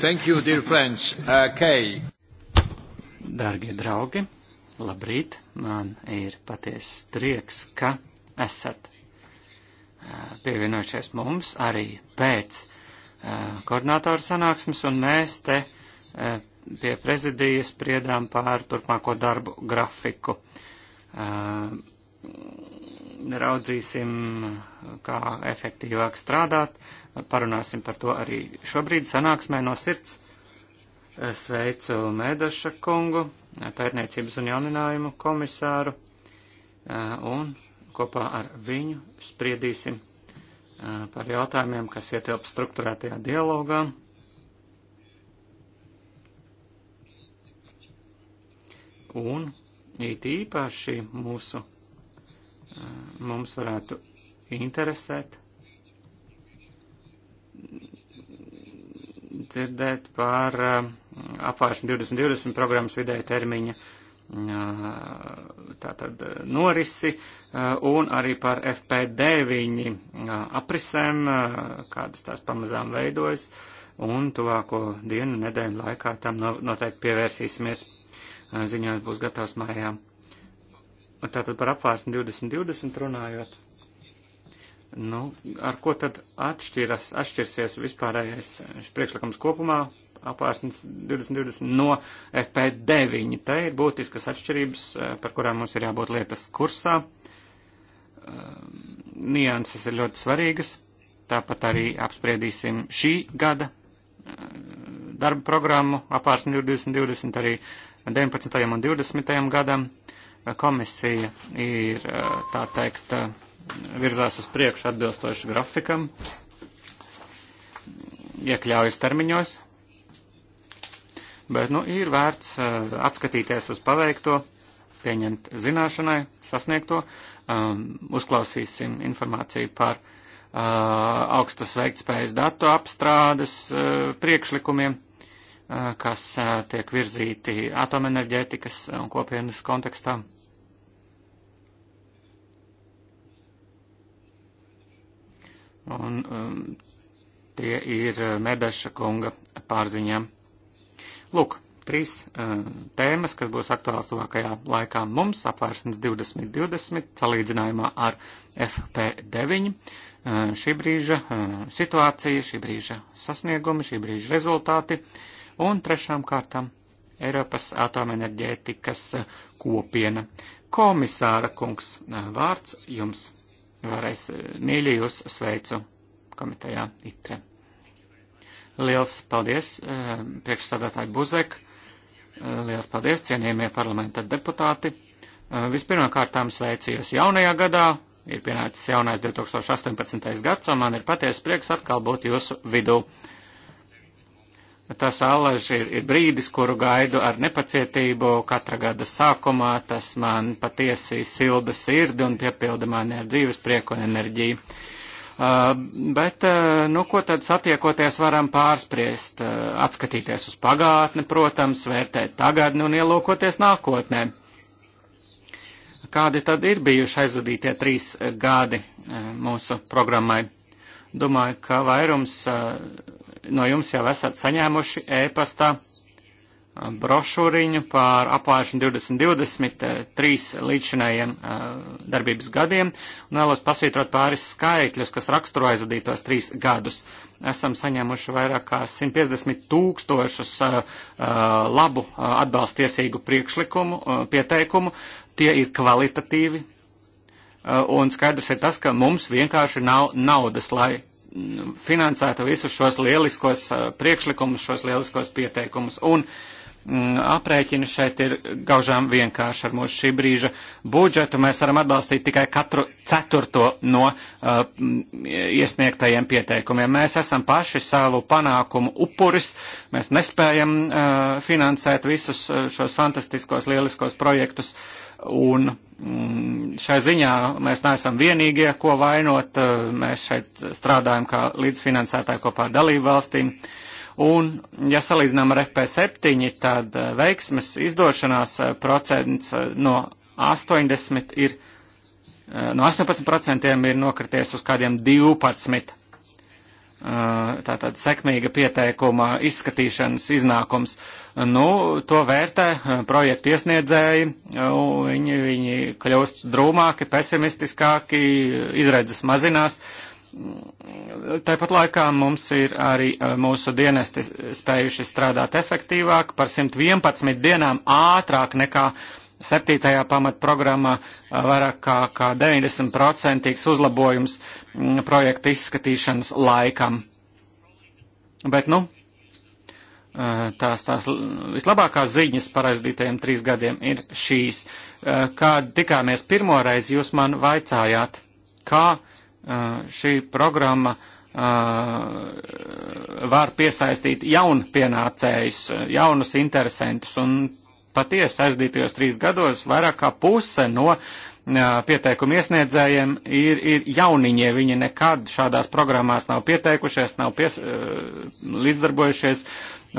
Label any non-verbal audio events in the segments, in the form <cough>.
Thank you, dear friends. Uh, Kei. Dargie draugi, labrīt. Man ir patiesi prieks, ka esat uh, pievienojušies mums arī pēc uh, koordinātoru sanāksmes, un mēs te uh, pie prezidijas spriedām pār turpmāko darbu grafiku raudzīsim, kā efektīvāk strādāt. Parunāsim par to arī šobrīd sanāksmē no sirds. Sveicu Mēdaša kungu, pētniecības un jauninājumu komisāru, un kopā ar viņu spriedīsim eh, par jautājumiem, kas ietilp struktūrētajā dialogā. Un it īpaši mūsu mums varētu interesēt dzirdēt par eh, apvāršanu 2020 programmas vidēja termiņa eh, tātad eh, norisi un arī par FP9 aprisēm, kādas tās pamazām veidojas, un tuvāko dienu nedēļu laikā tam noteikti pievērsīsimies. Ziņojums būs gatavs mājām tātad par apvārsni 2020 runājot, nu, ar ko tad atšķiras, atšķirsies vispārējais šis priekšlikums kopumā, apvārsnes 2020 no FP9. Te ir būtiskas atšķirības, eh, par kurām mums ir jābūt lietas kursā. Eh, nianses ir ļoti svarīgas. Tāpat arī apspriedīsim šī gada eh, darba programmu apvārsnes 2020 arī 19. un 20. gadam komisija ir, eh, tā teikt, eh, virzās uz priekšu atbilstoši grafikam, iekļaujas termiņos, bet, nu, ir vērts eh, atskatīties uz paveikto, pieņemt zināšanai, sasniegto, um, uzklausīsim informāciju par uh, augstas veiktspējas datu apstrādes uh, priekšlikumiem uh, kas uh, tiek virzīti atomenerģētikas un kopienas kontekstā. un um, tie ir uh, Medeša kunga pārziņā. Lūk, trīs uh, tēmas, kas būs aktuāls tuvākajā laikā mums, apvērsnes 2020, salīdzinājumā ar FP9. Uh, šī brīža uh, situācija, šī brīža sasniegumi, šī brīža rezultāti. Un trešām kārtām Eiropas atomenerģētikas uh, kopiena. Komisāra kungs, uh, vārds jums. Vēlreiz mīļi eh, jūs sveicu komitejā ITRE. Liels paldies, eh, priekšstādātāji Buzek, eh, liels paldies, cienījamie parlamenta deputāti. Vispirmkārtām sveicu jūs jaunajā gadā, ir pienācis jaunais 2018. gads, un man ir patiesa prieks atkal būt jūsu vidū. Tas allaž ir, ir brīdis, kuru gaidu ar nepacietību katra gada sākumā. Tas man patiesi silda sirdi un piepilda mani ar dzīves prieku un enerģiju. Uh, bet, uh, nu, ko tad satiekoties varam pārspriest? Uh, atskatīties uz pagātni, protams, vērtēt tagadni un ielūkoties nākotnē. Kādi tad ir bijuši aizvadītie trīs gadi uh, mūsu programmai? Domāju, ka vairums. Uh, no jums jau esat saņēmuši ēpastā brošūriņu par apvēršanu 2020 eh, trīs līdzinējiem eh, darbības gadiem, un vēlos pasvītrot pāris skaitļus, kas raksturo aizvadītos trīs gadus. Esam saņēmuši vairāk kā 150 tūkstošus eh, labu atbalstiesīgu priekšlikumu, pieteikumu. Tie ir kvalitatīvi, un skaidrs ir tas, ka mums vienkārši nav naudas, lai finansētu visus šos lieliskos uh, priekšlikumus, šos lieliskos pieteikumus. Un mm, aprēķini šeit ir gaužām vienkārši ar mūsu šī brīža budžetu. Mēs varam atbalstīt tikai katru ceturto no uh, iesniegtajiem pieteikumiem. Mēs esam paši savu panākumu upuris. Mēs nespējam uh, finansēt visus uh, šos fantastiskos, lieliskos projektus. Uh, Un mm, šai ziņā mēs neesam vienīgie, ko vainot. Mēs šeit strādājam kā līdzfinansētāji kopā ar dalību valstīm. Un, ja salīdzinām ar FP7, tad eh, veiksmes izdošanās eh, procents eh, no 80 ir, no 18% ir nokrities uz kādiem 12 tātad sekmīga pieteikuma izskatīšanas iznākums. Nu, to vērtē projektu iesniedzēji, viņi, viņi kļūst drūmāki, pesimistiskāki, izredzes mazinās. Tāpat laikā mums ir arī mūsu dienesti spējuši strādāt efektīvāk, par 111 dienām ātrāk nekā uh, septītajā pamatprogrammā vairāk kā, kā 90% uzlabojums projekta izskatīšanas laikam. Bet, nu, tās, tās vislabākās ziņas paraidītajiem trīs gadiem ir šīs. Kad tikāmies pirmoreiz, jūs man vaicājāt, kā šī programma var piesaistīt jaunpienācējus, jaunus interesantus, un patiesi aizdītajos trīs gados vairāk kā puse no pieteikumu iesniedzējiem ir, ir jauniņie. Viņi nekad šādās programmās nav pieteikušies, nav pies, līdzdarbojušies.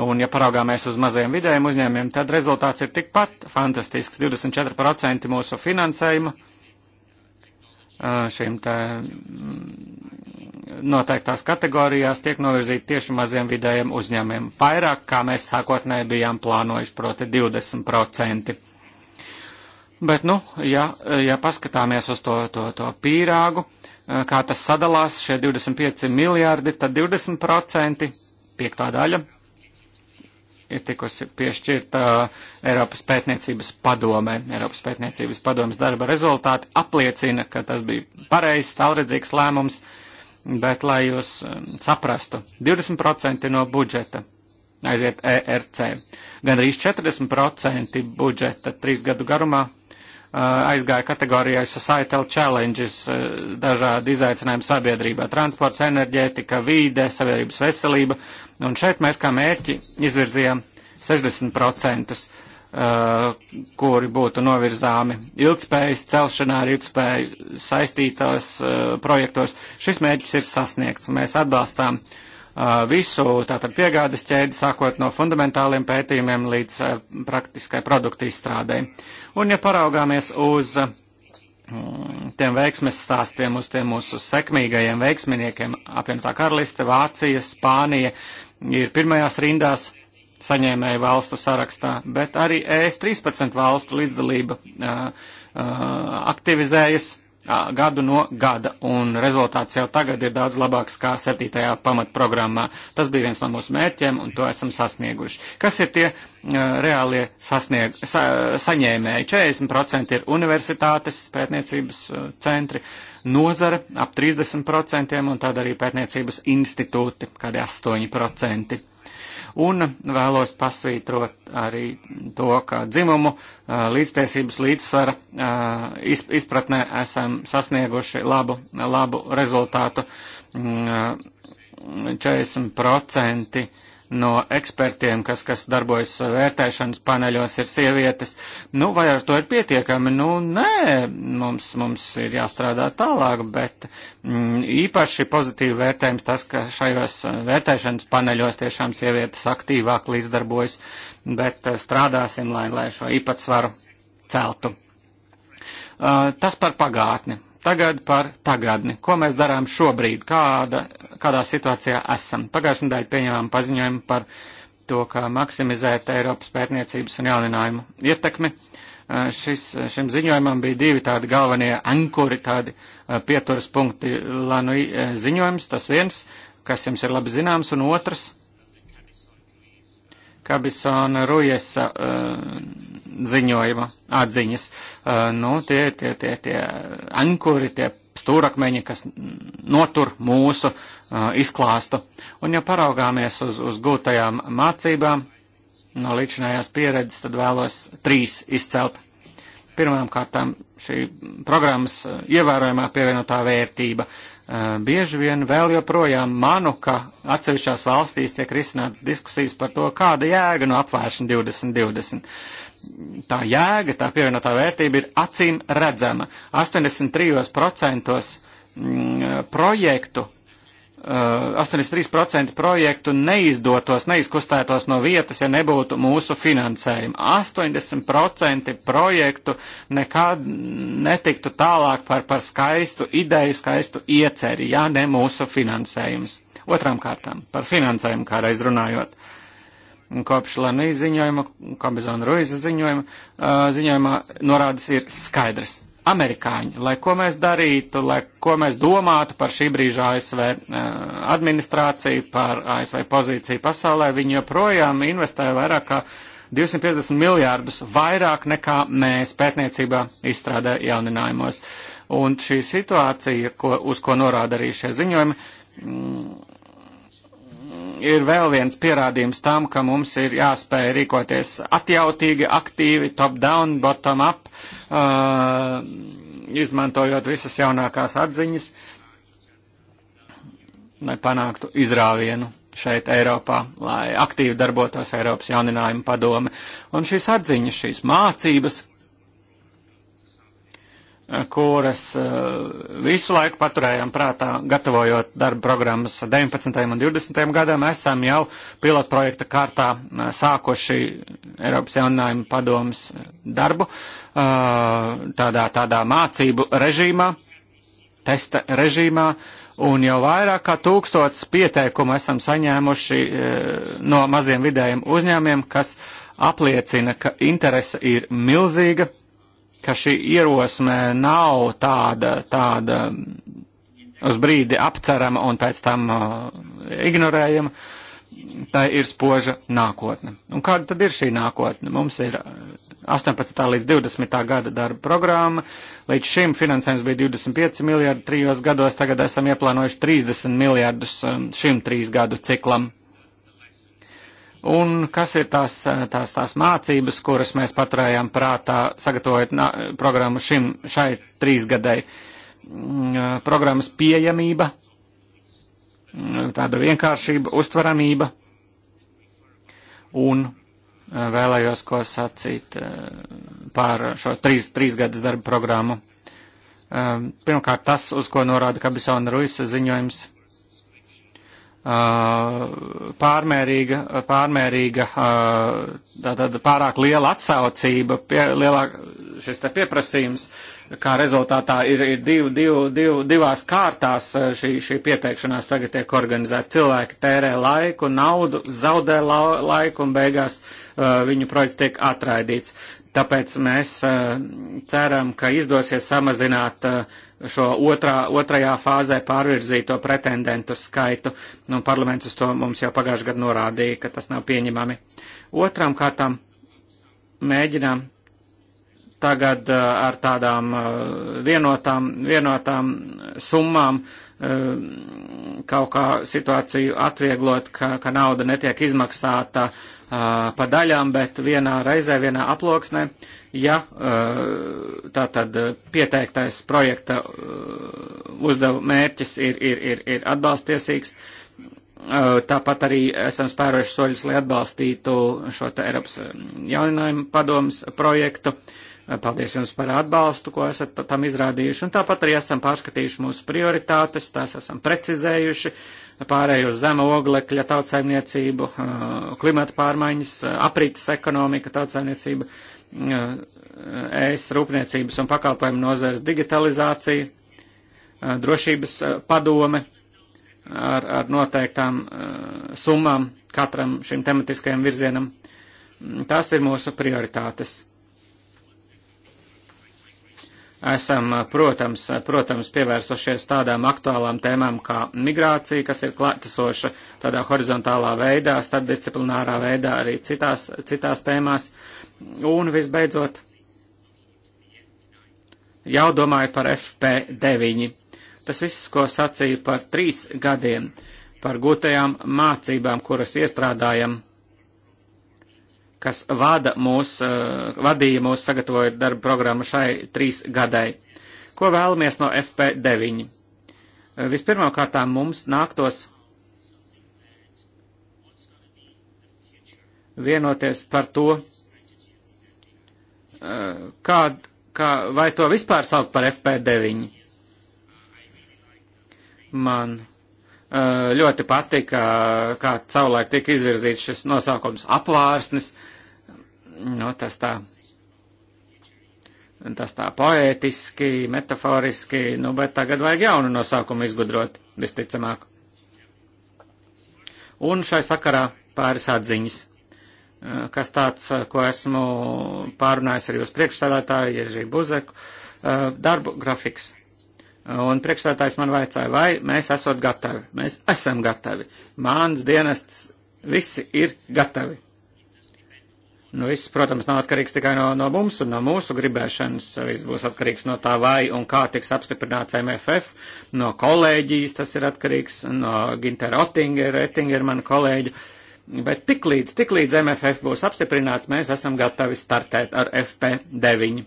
Un, ja paraugāmies uz mazajiem vidējiem uzņēmiem, tad rezultāts ir tikpat fantastisks. 24% mūsu finansējuma šīm te noteiktās kategorijās tiek novirzīti tieši maziem vidējiem uzņēmiem. Vairāk, kā mēs sākotnēji bijām plānojuši, proti 20%. Bet, nu, ja, ja paskatāmies uz to, to, to pīrāgu, eh, kā tas sadalās, šie 25 miljārdi, tad 20% piektā daļa ir tikusi piešķirta eh, Eiropas pētniecības padomē. Eiropas pētniecības padomas darba rezultāti apliecina, ka tas bija pareizs, tālredzīgs lēmums. Uh, bet lai jūs um, saprastu, 20% no budžeta aiziet ERC. Gan arī 40% budžeta trīs gadu garumā uh, aizgāja kategorijai Societal Challenges, uh, dažādi izaicinājumi sabiedrībā - transports, enerģētika, vīde, sabiedrības veselība. Un šeit mēs kā mērķi izvirzījām 60%. Uh, kuri būtu novirzāmi ilgspējas celšanā ar ilgspēju saistītos uh, projektos. Šis mērķis ir sasniegts. Mēs atbalstām uh, visu tātad piegādes ķēdi, sākot no fundamentāliem pētījumiem līdz praktiskai produktu izstrādē. Un ja paraugāmies uz mm, tiem veiksmes stāstiem, uz tiem mūsu sekmīgajiem veiksminiekiem, apvienotā karaliste, Vācija, Spānija ir pirmajās rindās saņēmēju valstu sarakstā, bet arī ES 13 valstu līdzdalība uh, uh, aktivizējas gadu no gada, un rezultāts jau tagad ir daudz labāks kā 7. pamatprogrammā. Tas bija viens no mūsu mērķiem, un to esam sasnieguši. Kas ir tie uh, reālie sasnieg, sa, saņēmēji? 40% ir universitātes, pētniecības uh, centri, nozara ap 30%, un tad arī pētniecības institūti, kādi 8%. Un vēlos pasvītrot arī to, ka dzimumu līdztiesības līdzsvara izpratnē esam sasnieguši labu, labu rezultātu. 40% mm, no ekspertiem, kas, kas darbojas vērtēšanas paneļos, ir sievietes. Nu, vai ar to ir pietiekami? Nu, nē, mums, mums ir jāstrādā tālāk, bet mm, īpaši pozitīvi vērtējums tas, ka šajos vērtēšanas paneļos tiešām sievietes aktīvāk līdzdarbojas, bet eh, strādāsim, lai, lai šo īpatsvaru celtu. Uh, tas par pagātni. Tagad par tagadni. Ko mēs darām šobrīd? Kāda, kādā situācijā esam? Pagājušajā nedēļā pieņēmām paziņojumu par to, kā maksimizēt Eiropas pētniecības un jauninājumu ietekmi. Šis, šim ziņojumam bija divi tādi galvenie ankuri, tādi pieturas punkti Lanui ziņojums, tas viens, kas jums ir labi zināms, un otrs Kabisona Rujesa uh, ziņojuma atziņas. Uh, nu, tie ir tie, tie, tie ankuri, tie stūrakmeņi, kas notur mūsu uh, izklāstu. Un ja paraugāmies uz, uz gūtajām mācībām no līdzinājās pieredzes, tad vēlos trīs izcelt. Pirmām kārtām šī programmas uh, ievērojamā pievienotā vērtība. Uh, Eh, bieži vien vēl joprojām manu, ka atsevišķās valstīs tiek risināts diskusijas par to, kāda jēga no apvēršana 2020. Tā jēga, tā pievienotā vērtība ir acīm redzama. 83% projektu 83% eh, projektu neizdotos, neizkustētos no vietas, ja nebūtu mūsu finansējuma. 80% projektu nekad netiktu tālāk par, par skaistu ideju, skaistu ieceri, ja ne mūsu finansējums. Otram kārtām, par finansējumu kādreiz runājot. Kopš Lanija ziņojuma, Kabizona Ruiza ziņojuma, eh, ziņojumā norādes ir skaidrs amerikāņi, lai ko mēs darītu, lai ko mēs domātu par šī brīža ASV eh, administrāciju, par ASV pozīciju pasaulē, viņi joprojām investē vairāk kā 250 miljārdus vairāk nekā mēs pētniecībā izstrādē jauninājumos. Un šī situācija, ko, uz ko norāda arī šie ziņojumi, mm, ir vēl viens pierādījums tam, ka mums ir jāspēj rīkoties atjautīgi, aktīvi, top-down, bottom-up. Uh, izmantojot visas jaunākās atziņas, lai panāktu izrāvienu šeit Eiropā, lai aktīvi darbotos Eiropas jauninājuma padome. Un šīs atziņas, šīs mācības kuras eh, visu laiku paturējām prātā, gatavojot darba programmas 19. un 20. gadam, esam jau pilotprojekta kārtā eh, sākoši Eiropas jauninājuma padomas eh, darbu tādā, tādā mācību režīmā, testa režīmā, un jau vairāk kā tūkstots pieteikumu esam saņēmuši no maziem vidējiem uzņēmiem, kas apliecina, ka interese ir milzīga ka šī ierosme nav tāda, tāda uz brīdi apcerama un pēc tam uh, ignorējama. Tā ir spoža nākotne. Un kāda tad ir šī nākotne? Mums ir 18. Uh, līdz 20. gada darba programma. Līdz šim finansējums bija 25 miljardi trijos gados, tagad esam ieplānojuši 30 miljardus um, šim trīs gadu ciklam un kas ir tās, tās, tās mācības, kuras mēs paturējām prātā, sagatavojot nā, programmu šim, šai trīsgadai. Mm, programmas pieejamība, tāda vienkāršība, uztveramība un vēlējos ko sacīt par šo trīs, trīsgadas darba programmu. Pirmkārt, tas, uz ko norāda Kabisona Ruisa ziņojums pārmērīga, pārmērīga, tātad pārāk liela atsaucība, pie, lielāk, šis te pieprasījums, kā rezultātā ir, ir div, div, div, divās kārtās šī, šī pieteikšanās tagad tiek organizēta. Cilvēki tērē laiku, naudu, zaudē la, laiku un beigās viņu projekts tiek atraidīts. Tāpēc mēs eh, ceram, ka izdosies samazināt eh, šo otrā, otrajā fāzē pārvirzīto pretendentu skaitu. Nu, parlaments uz to mums jau pagājušajā gadā norādīja, ka tas nav pieņemami. Otram kārtām mēģinām tagad eh, ar tādām eh, vienotām, vienotām summām eh, kaut kā situāciju atvieglot, ka, ka nauda netiek izmaksāta pa daļām, bet vienā reizē, vienā aploksnē, ja tātad pieteiktais projekta uzdev mērķis ir, ir, ir, ir atbalstiesīgs, Tāpat arī esam spēruši soļus, lai atbalstītu šo Eiropas jauninājumu padomas projektu. Uh, Paldies jums par atbalstu, ko esat tam izrādījuši, un tāpat arī esam pārskatījuši mūsu prioritātes, tās esam precizējuši, pārēju uz zema oglekļa tautsaimniecību, klimata pārmaiņas, aprītas ekonomika, tautsaimniecība, ēs rūpniecības un pakalpojumu nozars digitalizācija, drošības padome ar, ar noteiktām summām katram šim tematiskajam virzienam. Tās ir mūsu prioritātes esam, eh, protams, eh, protams, pievērsušies tādām aktuālām tēmām kā migrācija, kas ir klātesoša tādā horizontālā veidā, starpdisciplinārā veidā, arī citās, citās tēmās. Un visbeidzot, jau domāju par FP9. Tas viss, ko sacīju par trīs gadiem, par gūtajām mācībām, kuras iestrādājam kas vada mūs, eh, vadīja mūs sagatavojot darba programmu šai trīs gadai. Ko vēlamies no FP9? Eh, Vispirmkārt, mums nāktos vienoties par to, eh, kā, kā, vai to vispār saukt par FP9. Man ļoti patika, kā caulēk tika izvirzīts šis nosaukums apvārsnes. Uh, nu, tas tā, tas tā poētiski, metaforiski, nu, bet tagad vajag jaunu nosaukumu izgudrot, visticamāk. Un šai sakarā pāris atziņas, eh, kas tāds, eh, ko esmu pārunājis ar jūs priekšstādātāju, Ieržī Buzeku, eh, darbu grafiks. Un priekšstādātājs man vaicāja, vai mēs esot gatavi. Mēs esam gatavi. Mans dienests visi ir gatavi Nu, viss, protams, nav atkarīgs tikai no, no mums un no mūsu gribēšanas. Viss būs atkarīgs no tā, vai un kā tiks apstiprināts MFF, no kolēģijas tas ir atkarīgs, no Gintera Otingera, Ettingera, manu kolēģu. Bet tik līdz, tik līdz MFF būs apstiprināts, mēs esam gatavi startēt ar FP9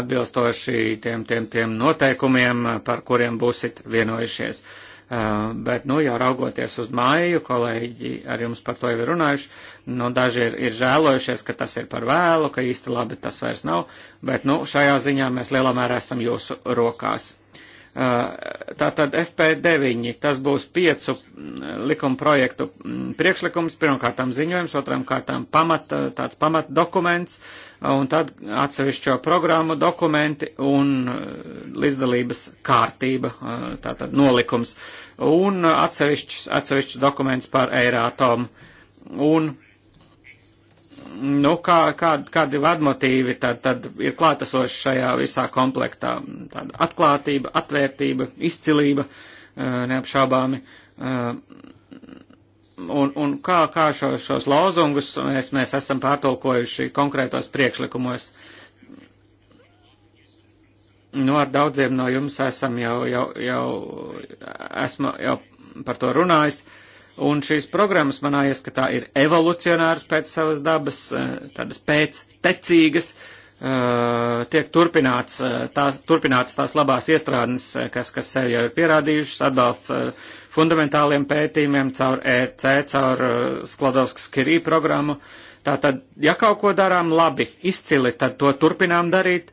atbilstoši tiem, tiem, tiem noteikumiem, par kuriem būsit vienojušies. Uh, Eh, bet, nu, jau raugoties uz māju, kolēģi ar jums par to jau ir runājuši, nu, daži ir, ir žēlojušies, ka tas ir par vēlu, ka īsti labi tas vairs nav, bet, nu, šajā ziņā mēs lielā mērā esam jūsu rokās. Eh, tātad FP9, tas būs piecu mm, likuma projektu mm, priekšlikums, pirmkārtām ziņojums, otrām kārtām pamata, tāds pamatdokuments, dokuments, un tad atsevišķo programmu dokumenti un uh, līdzdalības kārtība, uh, tātad nolikums, un atsevišķs, atsevišķs dokuments par Eirātomu. Un, nu, kā, kā, kādi vadmotīvi tad, tad ir klātesoši šajā visā komplektā? Tāda atklātība, atvērtība, izcilība, uh, neapšābāmi un, un kā, kā šo, šos lozungus mēs, mēs esam pārtolkojuši konkrētos priekšlikumos. Nu, ar daudziem no jums esam jau, jau, jau, esmu jau par to runājis. Un šīs programmas manā ieskatā ir evolucionāras pēc savas dabas, eh, tādas pēc tecīgas, eh, tiek turpināts, eh, tās, turpināts tās labās iestrādnes, kas, kas sev jau ir pierādījušas, atbalsts fundamentāliem pētījumiem, caur ERC, caur uh, Sklodovskas Kirī programmu. Tātad, ja kaut ko darām labi, izcili, tad to turpinām darīt,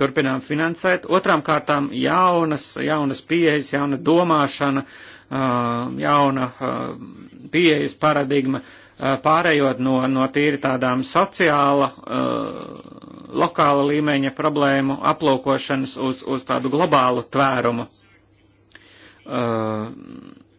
turpinām finansēt. Otrām kārtām jaunas, jaunas pieejas, jauna domāšana, uh, jauna uh, pieejas paradigma uh, pārējot no, no tīri tādām sociāla, uh, lokāla līmeņa problēmu aplūkošanas uz, uz tādu globālu tvērumu. Uh,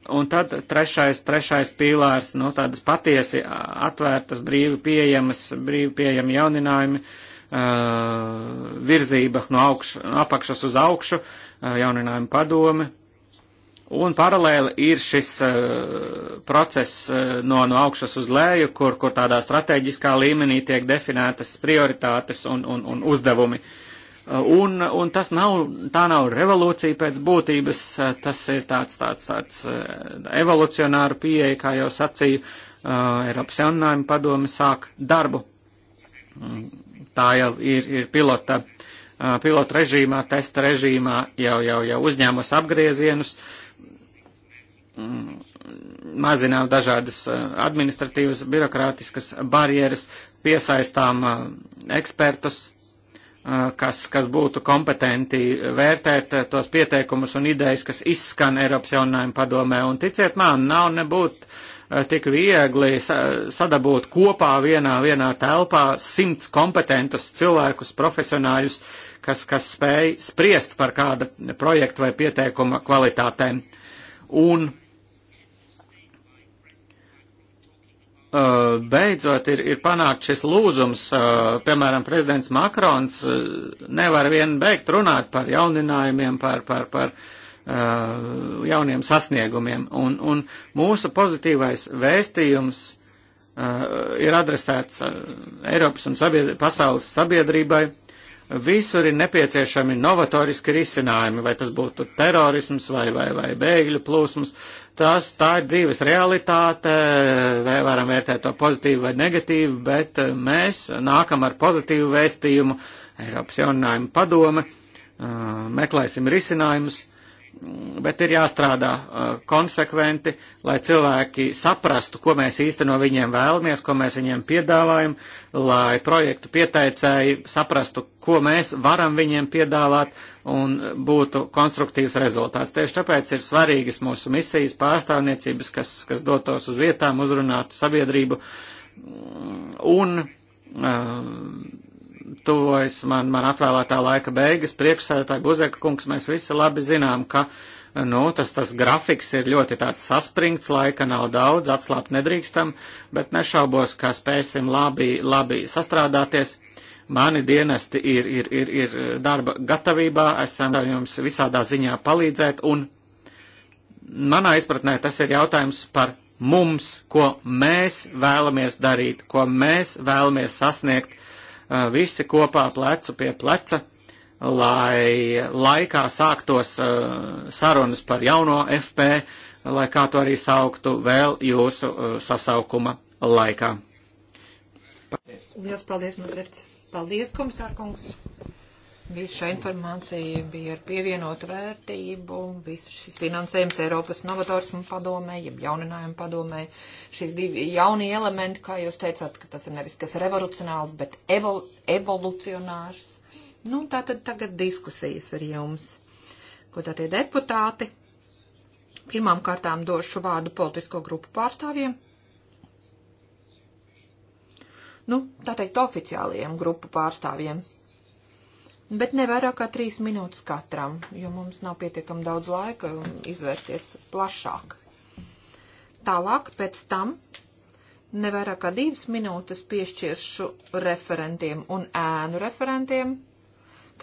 un tad trešais, trešais pīlārs, nu, tādas patiesi atvērtas, brīvi pieejamas, brīvi pieejami jauninājumi, uh, virzība no augš, apakšas uz augšu, uh, jauninājumi padomi. Un paralēli ir šis uh, process uh, no, no augšas uz leju, kur, kur tādā strateģiskā līmenī tiek definētas prioritātes un, un, un uzdevumi. Uh, Uh, un, un tas nav, tā nav revolūcija pēc būtības, uh, tas ir tāds, tāds, tāds uh, evolucionāra pieeja, kā jau sacīju, Eiropas jauninājuma padome sāk darbu. Mm, tā jau ir, ir pilota, pilota režīmā, testa režīmā, jau, jau, jau uzņēmus apgriezienus, mm, mazinām dažādas administratīvas, birokrātiskas barjeras, piesaistām ekspertus kas, kas būtu kompetenti vērtēt tos pieteikumus un idejas, kas izskan Eiropas jaunājuma padomē. Un ticiet man, nav nebūt tik viegli sadabūt kopā vienā, vienā telpā simts kompetentus cilvēkus, profesionāļus, kas, kas spēj spriest par kāda projekta vai pieteikuma kvalitātēm. Un Eh, beidzot ir, ir panākt šis lūzums, eh, piemēram, prezidents Makrons eh, nevar vien beigt runāt par jauninājumiem, par, par, par jauniem sasniegumiem. Un, un mūsu pozitīvais vēstījums ir adresēts Eiropas un sabiedr pasaules sabiedrībai. Visur ir nepieciešami novatoriski risinājumi, vai tas būtu terorisms vai, vai, vai bēgļu plūsmas. Uh, Tas, tā ir dzīves realitāte, vai varam vērtēt to pozitīvi vai negatīvi, bet eh, mēs nākam ar pozitīvu vēstījumu, Eiropas jauninājumu padome, eh, meklēsim risinājumus bet ir jāstrādā uh, konsekventi, lai cilvēki saprastu, ko mēs īsti no viņiem vēlamies, ko mēs viņiem piedāvājam, lai projektu pieteicēji saprastu, ko mēs varam viņiem piedāvāt un būtu konstruktīvs rezultāts. Tieši tāpēc ir svarīgas mūsu misijas pārstāvniecības, kas, kas dotos uz vietām, uzrunātu sabiedrību un uh, tuvojas man, man atvēlētā laika beigas. Priekšsēdētāji Buzeka kungs, mēs visi labi zinām, ka nu, tas, tas grafiks ir ļoti tāds saspringts, laika nav daudz, atslāpt nedrīkstam, bet nešaubos, ka spēsim labi, labi sastrādāties. Mani dienesti ir, ir, ir, ir darba gatavībā, esam jums visādā ziņā palīdzēt, un manā izpratnē tas ir jautājums par mums, ko mēs vēlamies darīt, ko mēs vēlamies sasniegt visi kopā plecu pie pleca, lai laikā sāktos sarunas par jauno FP, lai kā to arī sauktu vēl jūsu sasaukuma laikā. Paldies. Lielas paldies, Mazrefts. Paldies, komisārkungs. Visu šā informācija bija ar pievienotu vērtību, visu šis finansējums Eiropas novatorismu padomē, jeb jauninājumu padomē. Šīs divi jaunie elementi, kā jūs teicāt, ka tas ir nevis kas revolucionāls, bet evol evolucionārs. Nu, tā tad tagad diskusijas ar jums. Ko tā tie deputāti? Pirmām kārtām došu vārdu politisko grupu pārstāvjiem. Nu, tā teikt, oficiālajiem grupu pārstāvjiem bet ne vairāk kā trīs minūtes katram, jo mums nav pietiekam daudz laika izvērsties plašāk. Tālāk pēc tam ne vairāk kā divas minūtes piešķiršu referentiem un ēnu referentiem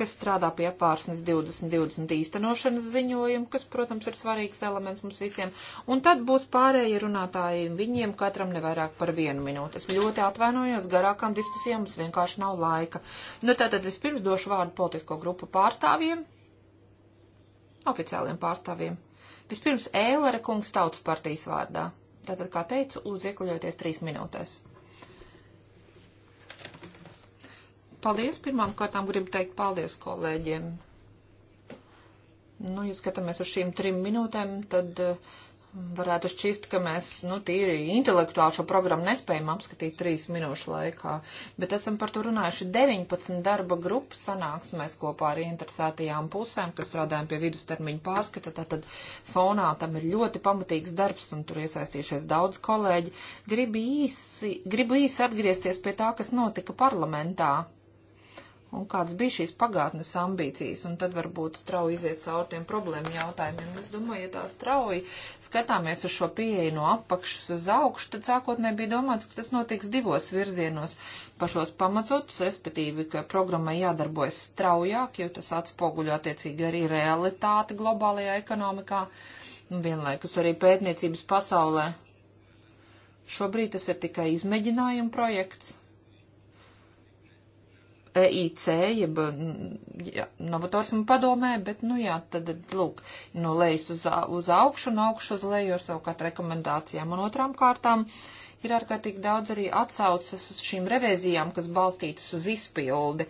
kas strādā pie pārsnes 2020 īstenošanas ziņojumu, kas, protams, ir svarīgs elements mums visiem. Un tad būs pārējie runātāji, viņiem katram nevairāk par vienu minūti. Es ļoti atvainojos, garākām diskusijām mums vienkārši nav laika. Nu, tātad vispirms došu vārdu politisko grupu pārstāvjiem, oficiāliem pārstāvjiem. Vispirms Ēlera kungs tautas partijas vārdā. Tātad, kā teicu, lūdzu iekļaujoties trīs minūtēs. Paldies! Pirmām kārtām gribu teikt paldies kolēģiem. Nu, ja skatāmies uz šīm trim minūtēm, tad eh, varētu šķist, ka mēs, nu, tīri intelektuāli šo programmu nespējam apskatīt trīs minūšu laikā, bet esam par to runājuši 19 darba grupu sanāksmēs kopā ar interesētajām pusēm, kas strādājam pie vidustermiņu pārskata, tātad fonā tam ir ļoti pamatīgs darbs un tur iesaistījušies daudz kolēģi. Gribu īsi, gribu īsi atgriezties pie tā, kas notika parlamentā un kādas bija šīs pagātnes ambīcijas, un tad varbūt strauji iziet cauri tiem problēmu jautājumiem. Es domāju, ja tā strauji skatāmies uz šo pieeju no apakšas uz augšu, tad sākotnēji bija domāts, ka tas notiks divos virzienos pašos pamatotus, respektīvi, ka programmai jādarbojas straujāk, jo tas atspoguļo attiecīgi arī realitāti globālajā ekonomikā, un vienlaikus arī pētniecības pasaulē. Šobrīd tas ir tikai izmēģinājuma projekts EIC, jeb ja, novatorismu padomē, bet, nu jā, tad, lūk, no nu, lejas uz, uz augšu un augšu uz leju ar savukārt rekomendācijām un otrām kārtām ir ārkārtīgi daudz arī atsaucas uz šīm revēzijām, kas balstītas uz izpildi.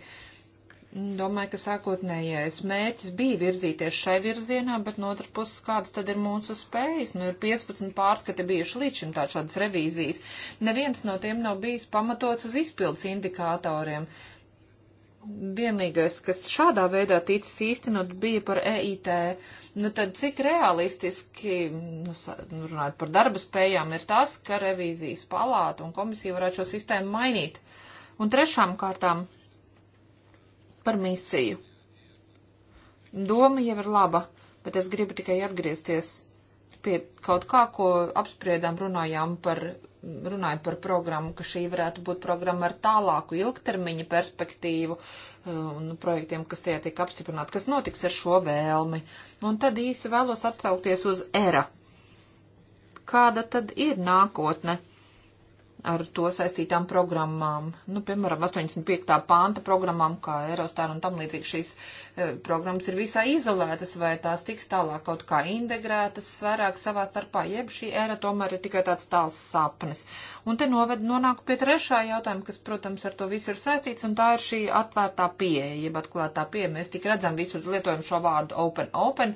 Domāju, ka sākotnējais mērķis bija virzīties šai virzienā, bet no otras puses, kādas tad ir mūsu spējas? Nu, ir 15 pārskati bijuši līdz šim tā šādas revīzijas. Neviens no tiem nav bijis pamatots uz izpildes indikātoriem vienīgais, kas šādā veidā ticis īstenot, bija par EIT. Nu tad cik realistiski, nu, nu, runājot par darba spējām, ir tas, ka revīzijas palāta un komisija varētu šo sistēmu mainīt. Un trešām kārtām par misiju. Doma jau ir laba, bet es gribu tikai atgriezties pie kaut kā, ko apspriedām, runājām par, runājot par programmu, ka šī varētu būt programma ar tālāku ilgtermiņa perspektīvu uh, un projektiem, kas tie tiek apstiprināti, kas notiks ar šo vēlmi. Un tad īsi vēlos atsaukties uz ERA. Kāda tad ir nākotne? ar to saistītām programmām. Nu, piemēram, 85. panta programmām, kā Eurostar un tam līdzīgi šīs e, programmas ir visai izolētas, vai tās tiks tālāk kaut kā integrētas, vairāk savā starpā, jeb šī ēra tomēr ir tikai tāds tāls sapnis. Un te noved, nonāku pie trešā jautājuma, kas, protams, ar to visu ir saistīts, un tā ir šī atvērtā pieeja, jeb atklātā pieeja. Mēs tik redzam visur lietojam šo vārdu open, open,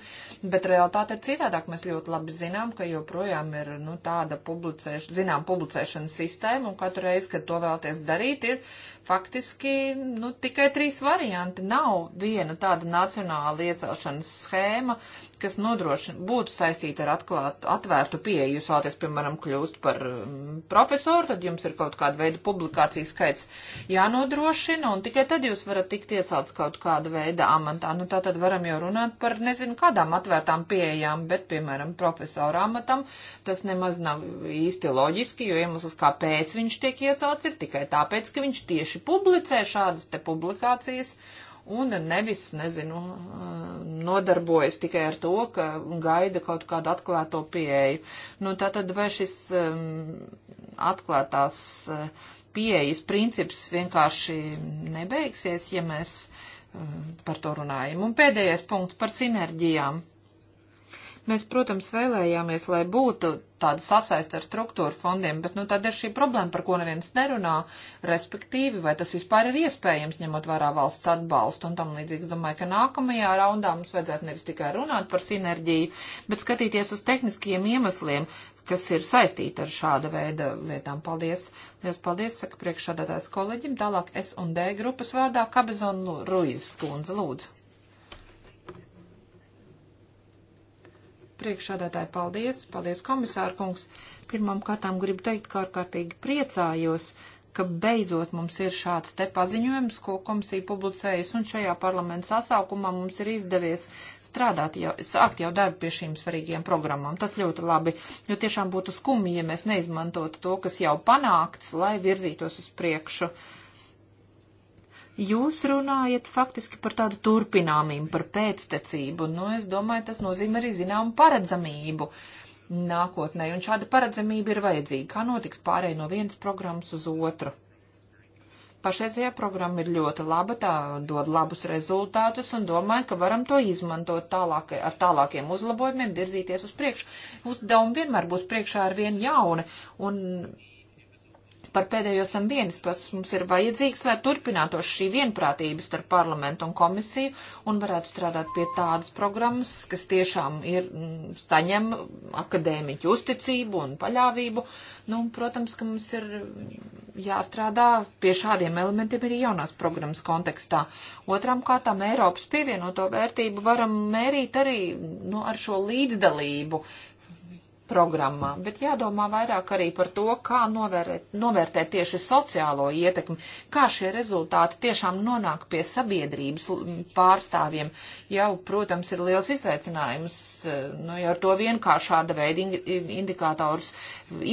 bet realitāte ir citādāk. Mēs ļoti labi zinām, ka joprojām ir, nu, tāda publicēšana, zinām, publicēšanas sistēma sistēmu, un katru reizi, kad to vēlaties darīt, ir faktiski nu, tikai trīs varianti. Nav viena tāda nacionāla iecelšanas schēma, kas nodrošina, būtu saistīta ar atklātu, atvērtu pieeju. Jūs vēlaties, piemēram, kļūst par mm, profesoru, tad jums ir kaut kāda veida publikācijas skaits jānodrošina, un tikai tad jūs varat tikt iecelts kaut kāda veida amatā. Nu, tā tad varam jau runāt par nezinu kādām atvērtām pieejām, bet, piemēram, profesoru amatam tas nemaz nav īsti loģiski, jo iemesls, kāpēc kāpēc viņš tiek iecelts, ir tikai tāpēc, ka viņš tieši publicē šādas te publikācijas un nevis, nezinu, nodarbojas tikai ar to, ka gaida kaut kādu atklāto pieeju. Nu, tātad vai šis um, atklātās uh, pieejas princips vienkārši nebeigsies, ja mēs um, par to runājam. Un pēdējais punkts par sinerģijām. Mēs, protams, vēlējāmies, lai būtu tāda sasaist ar struktūru fondiem, bet, nu, tad ir šī problēma, par ko neviens nerunā, respektīvi, vai tas vispār ir iespējams, ņemot vērā valsts atbalstu un tam līdzīgs. Domāju, ka nākamajā raundā mums vajadzētu nevis tikai runāt par sinerģiju, bet skatīties uz tehniskiem iemesliem, kas ir saistīti ar šāda veida lietām. Paldies! Lielas paldies, saka priekšādātājs kolēģim, tālāk S un D grupas vārdā Kabezon Ruiz skundze, lūdzu. priekšādātāji, paldies, paldies komisāra kungs. Pirmām kārtām gribu teikt, kā ārkārtīgi priecājos, ka beidzot mums ir šāds te paziņojums, ko komisija publicējas, un šajā parlamenta sasaukumā mums ir izdevies strādāt jau, sākt jau darbu pie šīm svarīgiem programmām. Tas ļoti labi, jo tiešām būtu skumji, ja mēs neizmantotu to, kas jau panākts, lai virzītos uz priekšu. Uh, Jūs runājat faktiski par tādu turpināmību, par pēctecību, un, nu, es domāju, tas nozīmē arī zināmu paredzamību nākotnē, un šāda paredzamība ir vajadzīga. Kā notiks pārēj no vienas programmas uz otru? Pašreizējā programma ir ļoti laba, tā dod labus rezultātus un domāju, ka varam to izmantot tālāk, ar tālākiem uzlabojumiem, virzīties uz priekšu. Uzdevumi vienmēr būs priekšā ar vien jauni, un par pēdējo esam vienas, pats mums ir vajadzīgs, lai turpinātos šī vienprātība starp parlamentu un komisiju un varētu strādāt pie tādas programmas, kas tiešām ir mm, saņem akadēmiķu uzticību un paļāvību. Nu, protams, ka mums ir jāstrādā pie šādiem elementiem arī jaunās programmas kontekstā. Otram kārtām Eiropas pievienoto vērtību varam mērīt arī nu, ar šo līdzdalību, programmā, bet jādomā vairāk arī par to, kā novērēt, novērtēt tieši sociālo ietekmi, kā šie rezultāti tiešām nonāk pie sabiedrības pārstāvjiem. Jau, protams, ir liels izaicinājums, eh, nu, jau ar to vienkārši šāda veida indikātors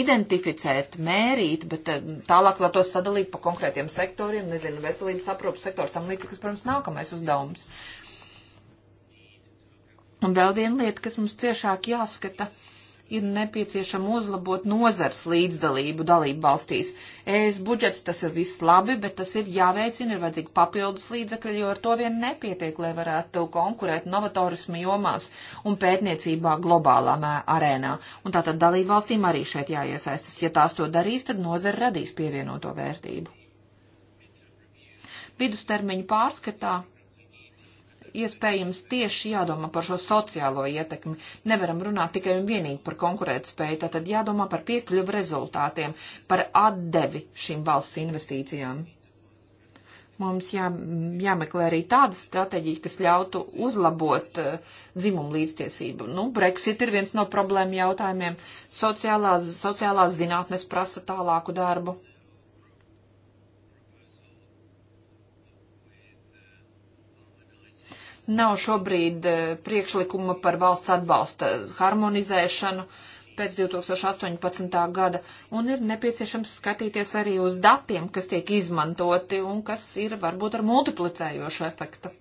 identificēt, mērīt, bet eh, tālāk vēl tos sadalīt pa konkrētiem sektoriem, nezinu, veselības aprūpas sektors tam līdzīgi, kas, protams, nākamais uzdevums. Un vēl viena lieta, kas mums ciešāk jāskata ir nepieciešama uzlabot nozars līdzdalību dalību valstīs. ES budžets tas ir viss labi, bet tas ir jāveicina, ir vajadzīgi papildus līdzekļi, jo ar to vien nepietiek, lai varētu konkurēt novatorismu jomās un pētniecībā globālā arēnā. Un tātad dalību valstīm arī šeit jāiesaistas. Ja tās to darīs, tad nozara radīs pievienoto vērtību. Vidustermiņu pārskatā iespējams tieši jādomā par šo sociālo ietekmi. Nevaram runāt tikai un vienīgi par konkurētspēju, tātad jādomā par piekļuvu rezultātiem, par atdevi šīm valsts investīcijām. Mums jā, jāmeklē arī tāda stratēģija, kas ļautu uzlabot uh, dzimumu līdztiesību. Nu, Brexit ir viens no problēmu jautājumiem. Sociālās, sociālās zinātnes prasa tālāku darbu Nav šobrīd eh, priekšlikuma par valsts atbalsta harmonizēšanu pēc 2018. gada, un ir nepieciešams skatīties arī uz datiem, kas tiek izmantoti un kas ir varbūt ar multiplicējošu efektu.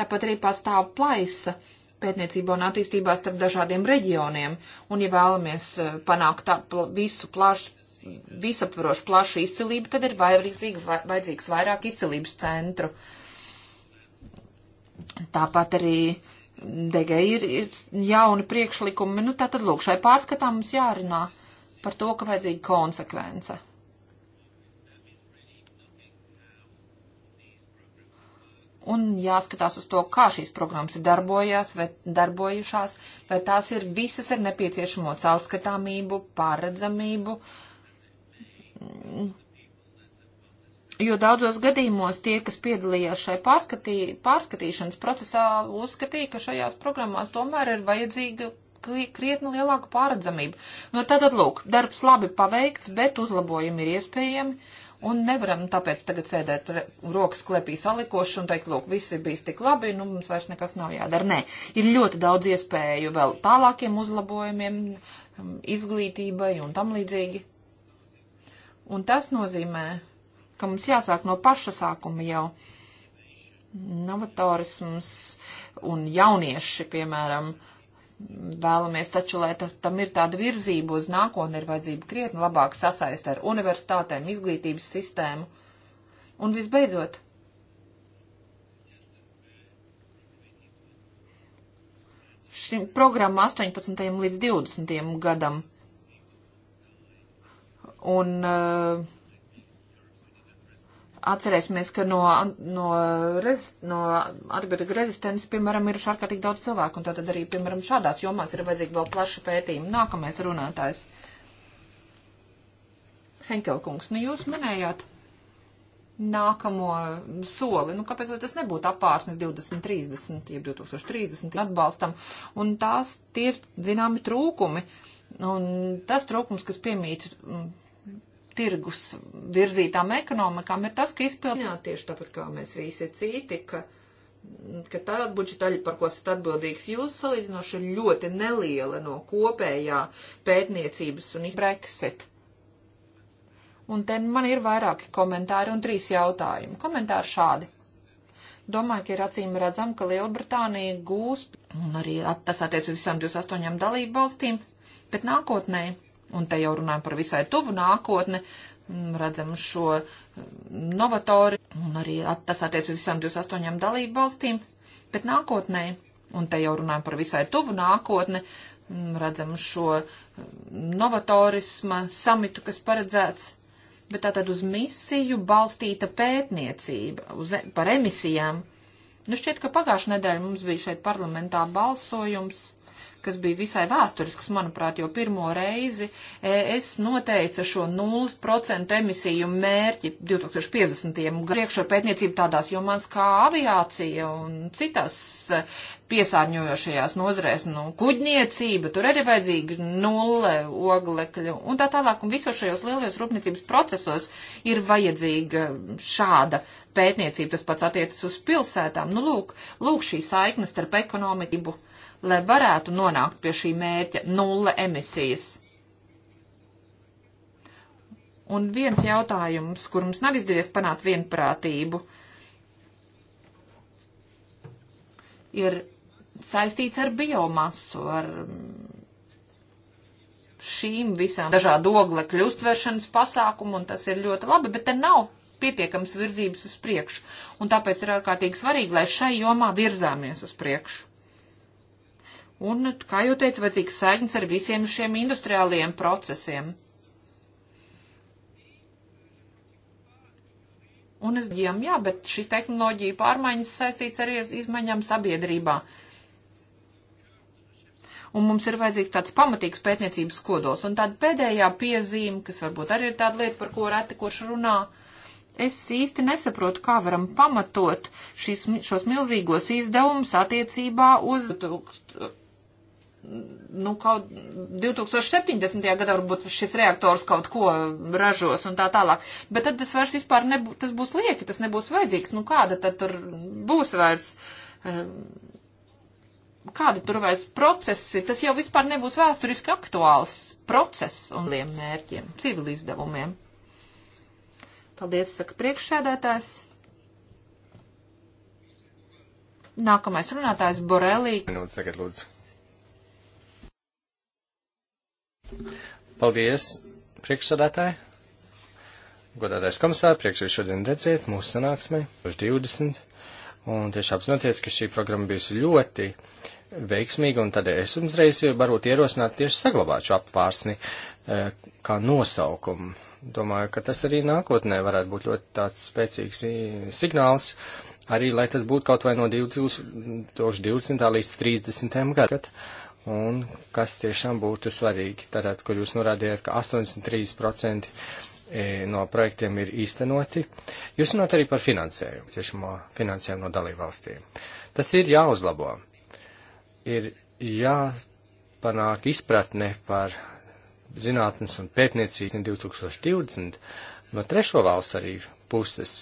Tāpat arī pastāv plaisa pētniecībā un attīstībā starp dažādiem reģioniem, un ja vēlamies eh, panākt tā, visu plašu, visaptvarošu plašu izcilību, tad ir vajadzīgs, vajadzīgs vairāk izcilības centru. Uh, Tāpat arī Degē ir, ir jauni priekšlikumi. Nu, tātad, lūk, šai pārskatā mums jārunā par to, ka vajadzīga konsekvence. un jāskatās uz to, kā šīs programmas ir darbojās vai darbojušās, vai tās ir visas ar nepieciešamo caurskatāmību, pārredzamību, jo daudzos gadījumos tie, kas piedalījās šai pārskatī, pārskatīšanas procesā, uzskatīja, ka šajās programmās tomēr ir vajadzīga krietni lielāka pāredzamība. No nu, tātad, lūk, darbs labi paveikts, bet uzlabojumi ir iespējami. Un nevaram tāpēc tagad sēdēt rokas klepī salikoši un teikt, lūk, viss ir bijis tik labi, nu mums vairs nekas nav jādara. Nē, ir ļoti daudz iespēju vēl tālākiem uzlabojumiem, um, izglītībai un tam līdzīgi. Un tas nozīmē, ka mums jāsāk no paša sākuma jau. Novatorisms un jaunieši, piemēram, vēlamies taču, lai tas, tam ir tāda virzība uz nākotni, ir vajadzība krietni labāk sasaist ar universitātēm, izglītības sistēmu. Un visbeidzot, šim programma 18. līdz 20. gadam. Un uh, Atcerēsimies, ka no, no, rez, no atbildīga rezistences, piemēram, ir ārkārtīgi daudz cilvēku, un tātad arī, piemēram, šādās jomās ir vajadzīgi vēl plaša pētījuma. Nākamais runātājs. Henkelkungs, nu jūs minējāt nākamo soli. Nu, kāpēc tas nebūtu apārsnes 2030, jeb 2030 atbalstam? Un tās tie ir zināmi trūkumi. Un tas trūkums, kas piemīt tirgus virzītām ekonomikām ir tas, ka izpildīt tieši tāpat kā mēs visi citi, ka, ka tā budžeta daļa, par ko esat atbildīgs, jūs salīdzinoši ļoti neliela no kopējā pētniecības un Brexit. Un te man ir vairāki komentāri un trīs jautājumi. Komentāri šādi. Domāju, ka ir acīm redzam, ka Lielbritānija gūst, un arī tas attiec uz visām 28 dalību valstīm, bet nākotnē un te jau runājam par visai tuvu nākotni, mm, redzam šo mm, novatori, un arī tas attiec uz visām 28 dalību valstīm, bet nākotnē, un te jau runājam par visai tuvu nākotni, mm, redzam šo novatorisma samitu, kas paredzēts, bet tātad uz misiju balstīta pētniecība, uz, e, par emisijām. Nu šķiet, ka pagājušajā nedēļā mums bija šeit parlamentā balsojums kas bija visai vēsturisks, manuprāt, jo pirmo reizi es noteica šo 0% emisiju mērķi 2050. griekšo pētniecību tādās jomās kā aviācija un citas e, piesārņojošajās nozarēs, nu, kuģniecība, tur arī vajadzīga nulle oglekļu un tā tālāk. Un visos šajos lielajos rūpniecības procesos ir vajadzīga šāda pētniecība. Tas pats attiecas uz pilsētām. Nu, lūk, lūk šī saikne starp ekonomiku lai varētu nonākt pie šī mērķa nulle emisijas. Un viens jautājums, kur mums nav izdevies panākt vienprātību, ir saistīts ar biomasu, ar šīm visām dažādu oglekļu uztveršanas pasākumu, un tas ir ļoti labi, bet te nav pietiekams virzības uz priekšu. Un tāpēc ir ārkārtīgi svarīgi, lai šai jomā virzāmies uz priekšu. Un, kā jau teicu, vajadzīgs saiknis ar visiem šiem industriāliem procesiem. Un es domāju, jā, bet šīs tehnoloģija pārmaiņas saistīts arī ar izmaiņām sabiedrībā. Un mums ir vajadzīgs tāds pamatīgs pētniecības kodols. Un tāda pēdējā piezīme, kas varbūt arī ir tāda lieta, par ko reti kurš runā, es īsti nesaprotu, kā varam pamatot šis, šos milzīgos izdevumus attiecībā uz nu, kaut 2070. gadā varbūt šis reaktors kaut ko ražos un tā tālāk. Bet tad tas vairs vispār nebūs, tas būs lieki, tas nebūs vajadzīgs. Nu, kāda tad tur būs vairs, ehm, kādi tur vairs procesi, tas jau vispār nebūs vēsturiski aktuāls process un liem mērķiem, civil izdevumiem. Paldies, saka priekšsēdētājs. Nākamais runātājs Borelī. Minūtes tagad, lūdzu. Paldies, priekšsādātāji! Godātais komisār, prieks jūs šodien redzēt mūsu sanāksmē, 20. Un tieši apzinoties, ka šī programma bijusi ļoti veiksmīga, un tādēļ es uzreiz varbūt ierosinātu tieši saglabāt šo apvārsni eh, kā nosaukumu. Domāju, ka tas arī nākotnē varētu būt ļoti tāds spēcīgs signāls, arī lai tas būtu kaut vai no 2020. līdz 30. gadsimtam un kas tiešām būtu svarīgi. Tātad, kur jūs norādījāt, ka 83% e, no projektiem ir īstenoti. Jūs runājat arī par finansējumu, ciešamo finansējumu no dalībvalstīm. Tas ir jāuzlabo. Ir jāpanāk izpratne par zinātnes un pētniecības 2020 no trešo valstu arī puses.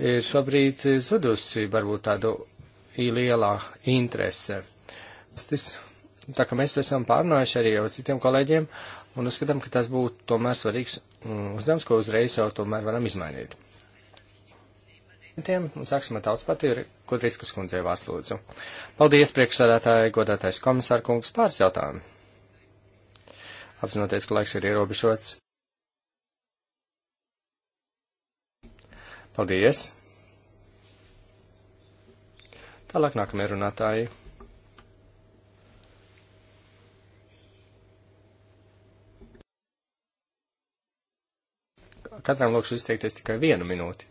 Ir šobrīd zudusi varbūt tādu lielā interese. Tas tā ka mēs to esam pārnājuši arī ar citiem kolēģiem un uzskatām, ka tas būtu tomēr svarīgs mm, uzdevums, ko uzreiz jau tomēr varam izmainīt. Tiem, un sāksim ar tautas partiju, Kudriskas kundzei vārds lūdzu. Paldies, priekšsādātāji, godātais komisāra kungs, pāris jautājumu. Apzinoties, ka laiks ir ierobežots. Paldies! Tālāk nākamie runātāji. katram lūkšu izteikties tikai vienu minūti.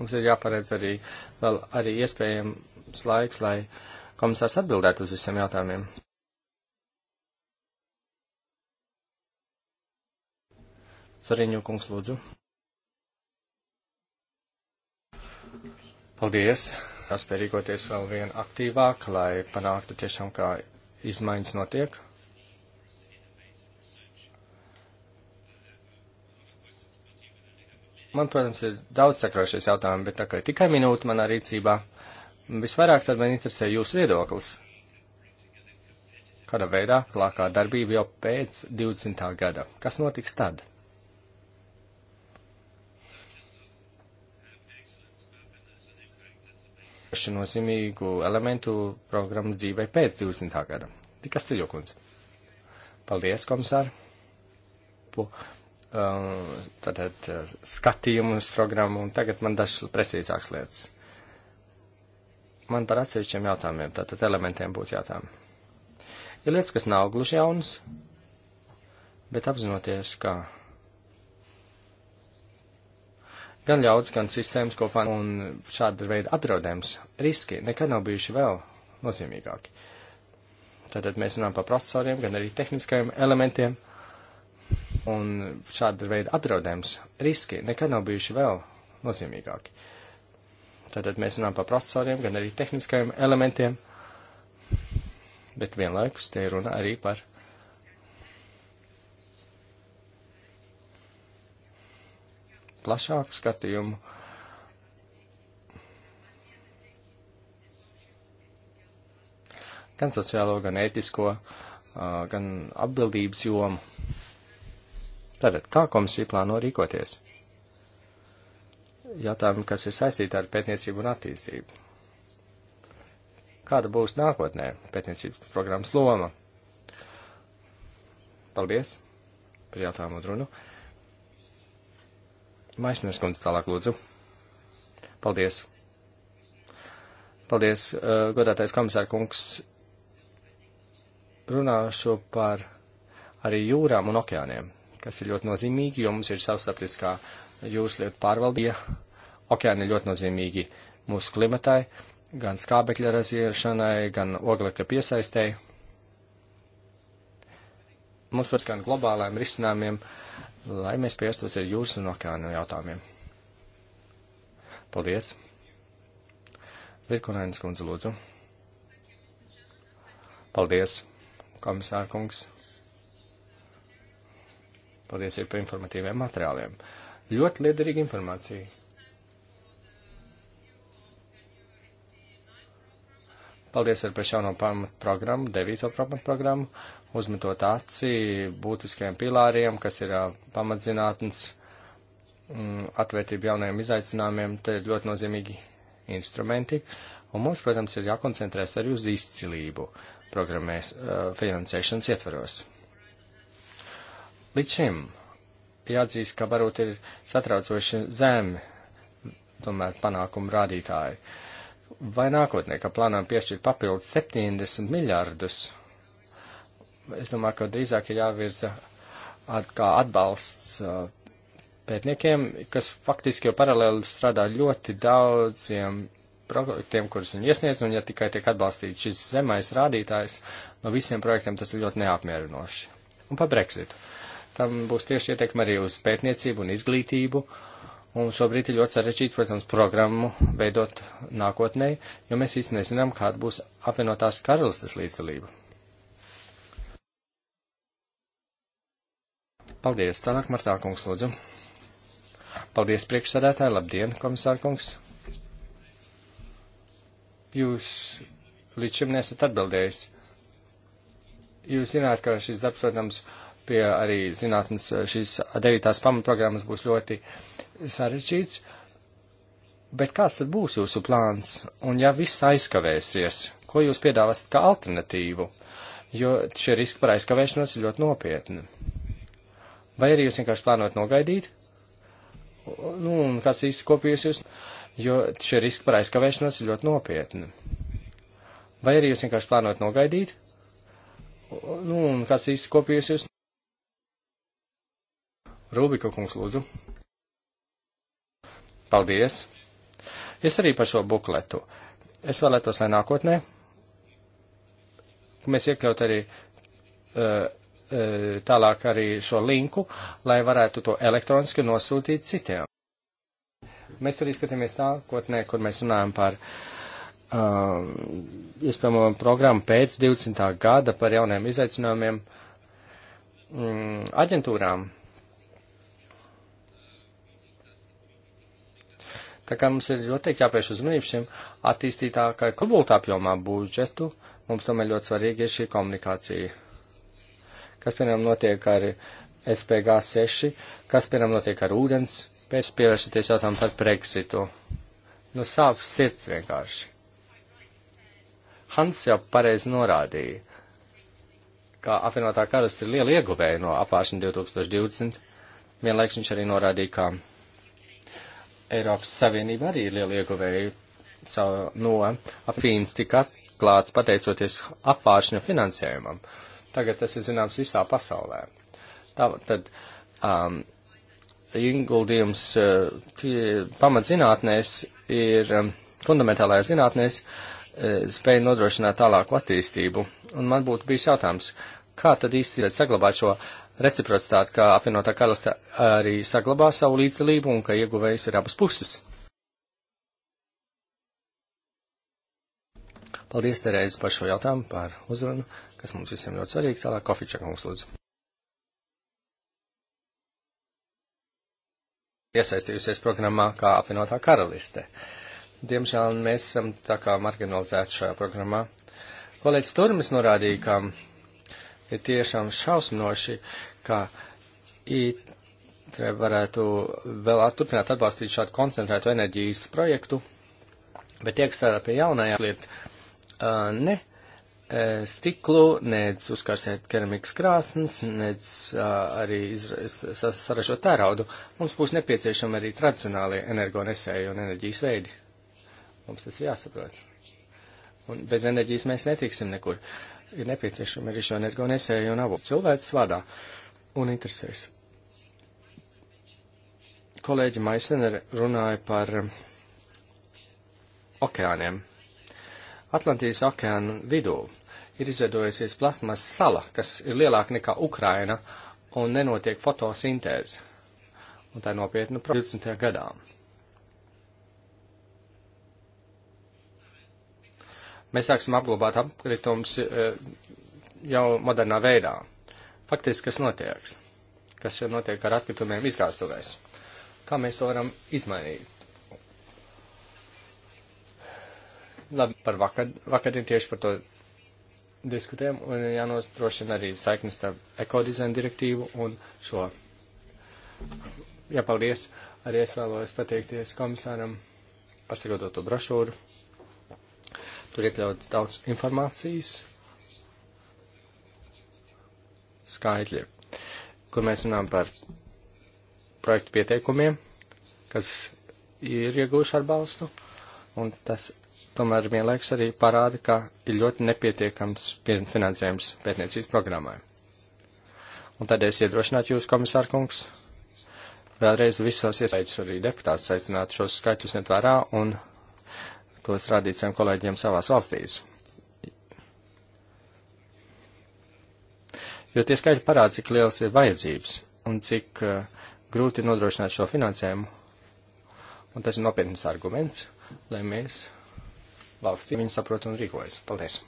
Mums ir jāparedz arī, vēl arī iespējams laiks, lai komisārs atbildētu uz visiem jautājumiem. Sariņu kungs, lūdzu. Paldies! Jāspēj rīkoties vēl vien aktīvāk, lai panāktu tiešām, kā izmaiņas notiek. Man, protams, ir daudz sakrošies jautājumi, bet tā kā tikai minūte manā rīcībā, visvairāk tad man interesē jūsu viedoklis. Kāda veidā klākā darbība jau pēc 20. gada? Kas notiks tad? īpaši nozīmīgu elementu programmas dzīvē pēc 20. gada. Tikai Stiļokundze. Paldies, komisār! Po, tātad um, uh, skatījumus programmu, un tagad man dažas precīzākas lietas. Man par atsevišķiem jautājumiem, tātad elementiem būtu jātām. Ir lietas, kas nav gluži jaunas, bet apzinoties, ka gan ļauds, gan sistēmas kopā un šāda veida apdraudējums, riski nekad nav bijuši vēl nozīmīgāki. Tātad mēs runājam par procesoriem, gan arī tehniskajiem elementiem, Un šāda veida apdraudējums, riski nekad nav bijuši vēl nozīmīgāki. Tātad mēs runājam par procesoriem, gan arī tehniskajiem elementiem, bet vienlaikus te runa arī par plašāku skatījumu. Gan sociālo, gan ētisko, gan atbildības jomu. Tātad, kā komisija plāno rīkoties? Jautājumi, kas ir saistīti ar pētniecību un attīstību. Kāda būs nākotnē pētniecības programmas loma? Paldies par jautājumu un runu. Maisners kundze tālāk lūdzu. Paldies. Paldies, uh, godātais komisāra kungs. Runāšu par arī jūrām un okeāniem kas ir ļoti nozīmīgi, jo mums ir savstarpiskā jūraslietu pārvaldība. Okeāni ir ļoti nozīmīgi mūsu klimatai, gan skābekļa raziešanai, gan oglekļa piesaistei. Mums var skan globālajiem risinājumiem, lai mēs piestos ar jūras un okeānu jautājumiem. Paldies! Virkunainas kundze, lūdzu. Paldies, komisārkungs. Paldies arī par informatīviem materiāliem. Ļoti liederīga informācija. Paldies arī par jauno pamatprogrammu, devīto pamatprogrammu, uzmetot aci būtiskajiem pilāriem, kas ir pamatzinātnes, mm, atvērtība jaunajiem izaicinājumiem, te ir ļoti nozīmīgi instrumenti. Un mums, protams, ir jākoncentrēs arī uz izcilību programmēs finansēšanas ietvaros. Līdz šim jāatzīst, ka varbūt ir satraucoši zemi tomēr panākumu rādītāji. Vai nākotnē, ka plānām piešķirt papildus 70 miljārdus, es domāju, ka drīzāk ir jāvirza at, kā atbalsts pētniekiem, kas faktiski jau paralēli strādā ļoti daudziem projektiem, kurus viņi iesniedz, un ja tikai tiek atbalstīts šis zemais rādītājs, no visiem projektiem tas ir ļoti neapmierinoši. Un par Brexitu. Uh, tam būs tieši ietekme arī uz pētniecību un izglītību. Un šobrīd ir ļoti sarežģīti, protams, programmu veidot nākotnē, jo mēs īsti nezinām, kāda būs apvienotās karalistes līdzdalība. Paldies, tālāk Martā kungs, lūdzu. Paldies, priekšsādātāji, labdien, komisār kungs. Jūs līdz šim nesat atbildējis. Jūs zināt, ka šis darbs, protams, uh, pie arī zinātnes eh, šīs devītās pamatprogrammas būs ļoti sarežģīts. Bet kāds tad būs jūsu plāns? Un ja viss aizkavēsies, ko jūs piedāvāsiet kā alternatīvu? Jo šie riski par aizkavēšanos ir ļoti nopietni. Vai arī jūs vienkārši plānojat nogaidīt? Nu, un kāds īsti kopijas jūs? Jo šie riski par aizkavēšanos ir ļoti nopietni. Vai arī jūs vienkārši plānojat nogaidīt? Nu, un kāds īsti kopijas jūs? Rūbika kungs, lūdzu. Paldies! Es arī par šo bukletu. Es vēlētos, lai nākotnē mēs iekļaut arī uh, tālāk arī šo linku, lai varētu to elektroniski nosūtīt citiem. Mēs arī skatāmies nākotnē, kur mēs runājam par uh, iespējamo programmu pēc 20. gada par jauniem izaicinājumiem mm, aģentūrām. Tā kā mums ir ļoti jāpievērš uzmanību šim attīstītākai kubultā apjomā budžetu, mums tomēr ļoti svarīgi ir šī komunikācija. Kas, piemēram, notiek ar SPG 6, kas, piemēram, notiek ar ūdens, pēc pievēršaties jautājumu par Brexitu. Nu, sāp sirds vienkārši. Hans jau pareizi norādīja, ka apvienotā karaliste ir liela ieguvēja no apāršana 2020. Vienlaiks viņš arī norādīja, ka Eiropas Savienība arī ir liela ieguvēja no apvīns tika atklāts pateicoties apvāršņu finansējumam. Tagad tas ir zināms visā pasaulē. Tā, tad um, ieguldījums uh, pamatzinātnēs ir um, fundamentālajā zinātnēs uh, spēja nodrošināt tālāku attīstību. Un man būtu bijis jautājums, kā tad īsti saglabāt šo uh, reciprocitāti, ka apvienotā karalista arī saglabā savu līdzdalību un ka ieguvējs ir abas puses. Paldies, Terēze, par šo jautājumu, par uzrunu, kas mums visiem ļoti svarīgi. Tālāk, Kofičak, mums lūdzu. Iesaistījusies programmā kā apvienotā karaliste. Diemžēl mēs esam tā kā marginalizēti šajā programmā. Kolēģis Turmis norādīja, ka ir tiešām šausminoši, ka ITRE varētu vēl turpināt atbalstīt šādu koncentrētu enerģijas projektu, bet tiek strādā pie jaunajām lietām. Ne stiklu, nec uzkarsēt keramikas krāsnes, nec arī saražot tēraudu. Mums būs nepieciešama arī tradicionālie energonesēji un enerģijas veidi. Mums tas jāsaprot. Un bez enerģijas mēs netiksim nekur. Uh, ir nepieciešama arī šo energo nesēju un avotu cilvēks vārdā un interesēs. Kolēģi Maisner runāja par um, okeāniem. Atlantijas okeāna vidū ir izveidojusies plasmas sala, kas ir lielāka nekā Ukraina un nenotiek fotosintēze. Un tā ir nopietna problēma 20. gadām. mēs sāksim apglabāt apkritumus e, jau modernā veidā. Faktiski, kas notiek? Kas jau notiek ar atkritumiem izgāstuvēs? Kā mēs to varam izmainīt? Labi, par vakar, vakardienu tieši par to diskutējam, un jānodrošina arī saiknes starp ekodizaina direktīvu un šo. Jā, paldies! Arī es vēlos pateikties komisāram par sagatavoto brošūru. Tur iekļauts daudz informācijas, skaitļi, kur mēs runājam par projektu pieteikumiem, kas ir iegūši atbalstu, un tas tomēr vienlaiks arī parāda, ka ir ļoti nepietiekams finansējums pētniecības programmai. Un tad es iedrošinātu jūs, komisārkungs, vēlreiz visos iesaicinātu arī deputātus aicināt šos skaitļus net vērā un tos rādīt saviem kolēģiem savās valstīs. Jo tie skaļi parāda, cik liels ir vajadzības un cik uh, grūti ir nodrošināt šo finansējumu. Un tas ir nopietns arguments, lai mēs valsts viņu saprotu un rīkojas. Paldies!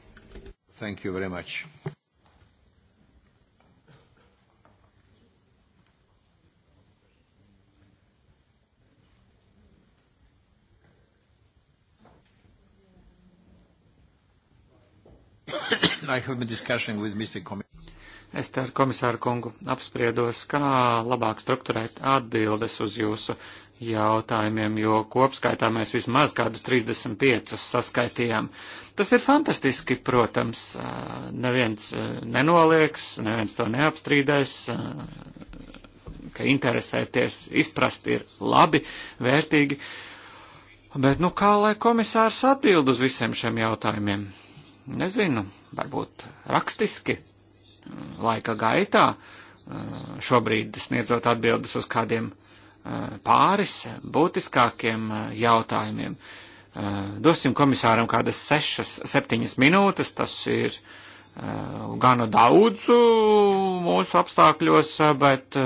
Thank you very much. <coughs> es te ar komisāru kungu apspriedos, kā labāk strukturēt atbildes uz jūsu jautājumiem, jo kopskaitā mēs vismaz kādus 35 saskaitījām. Tas ir fantastiski, protams, neviens nenolieks, neviens to neapstrīdēs, ka interesēties, izprast ir labi, vērtīgi, bet nu kā lai komisārs atbild uz visiem šiem jautājumiem? nezinu, varbūt rakstiski, laika gaitā, eh, šobrīd sniedzot atbildes uz kādiem eh, pāris būtiskākiem eh, jautājumiem. Dosim komisāram kādas sešas, septiņas minūtes, tas ir gana daudz mūsu apstākļos, bet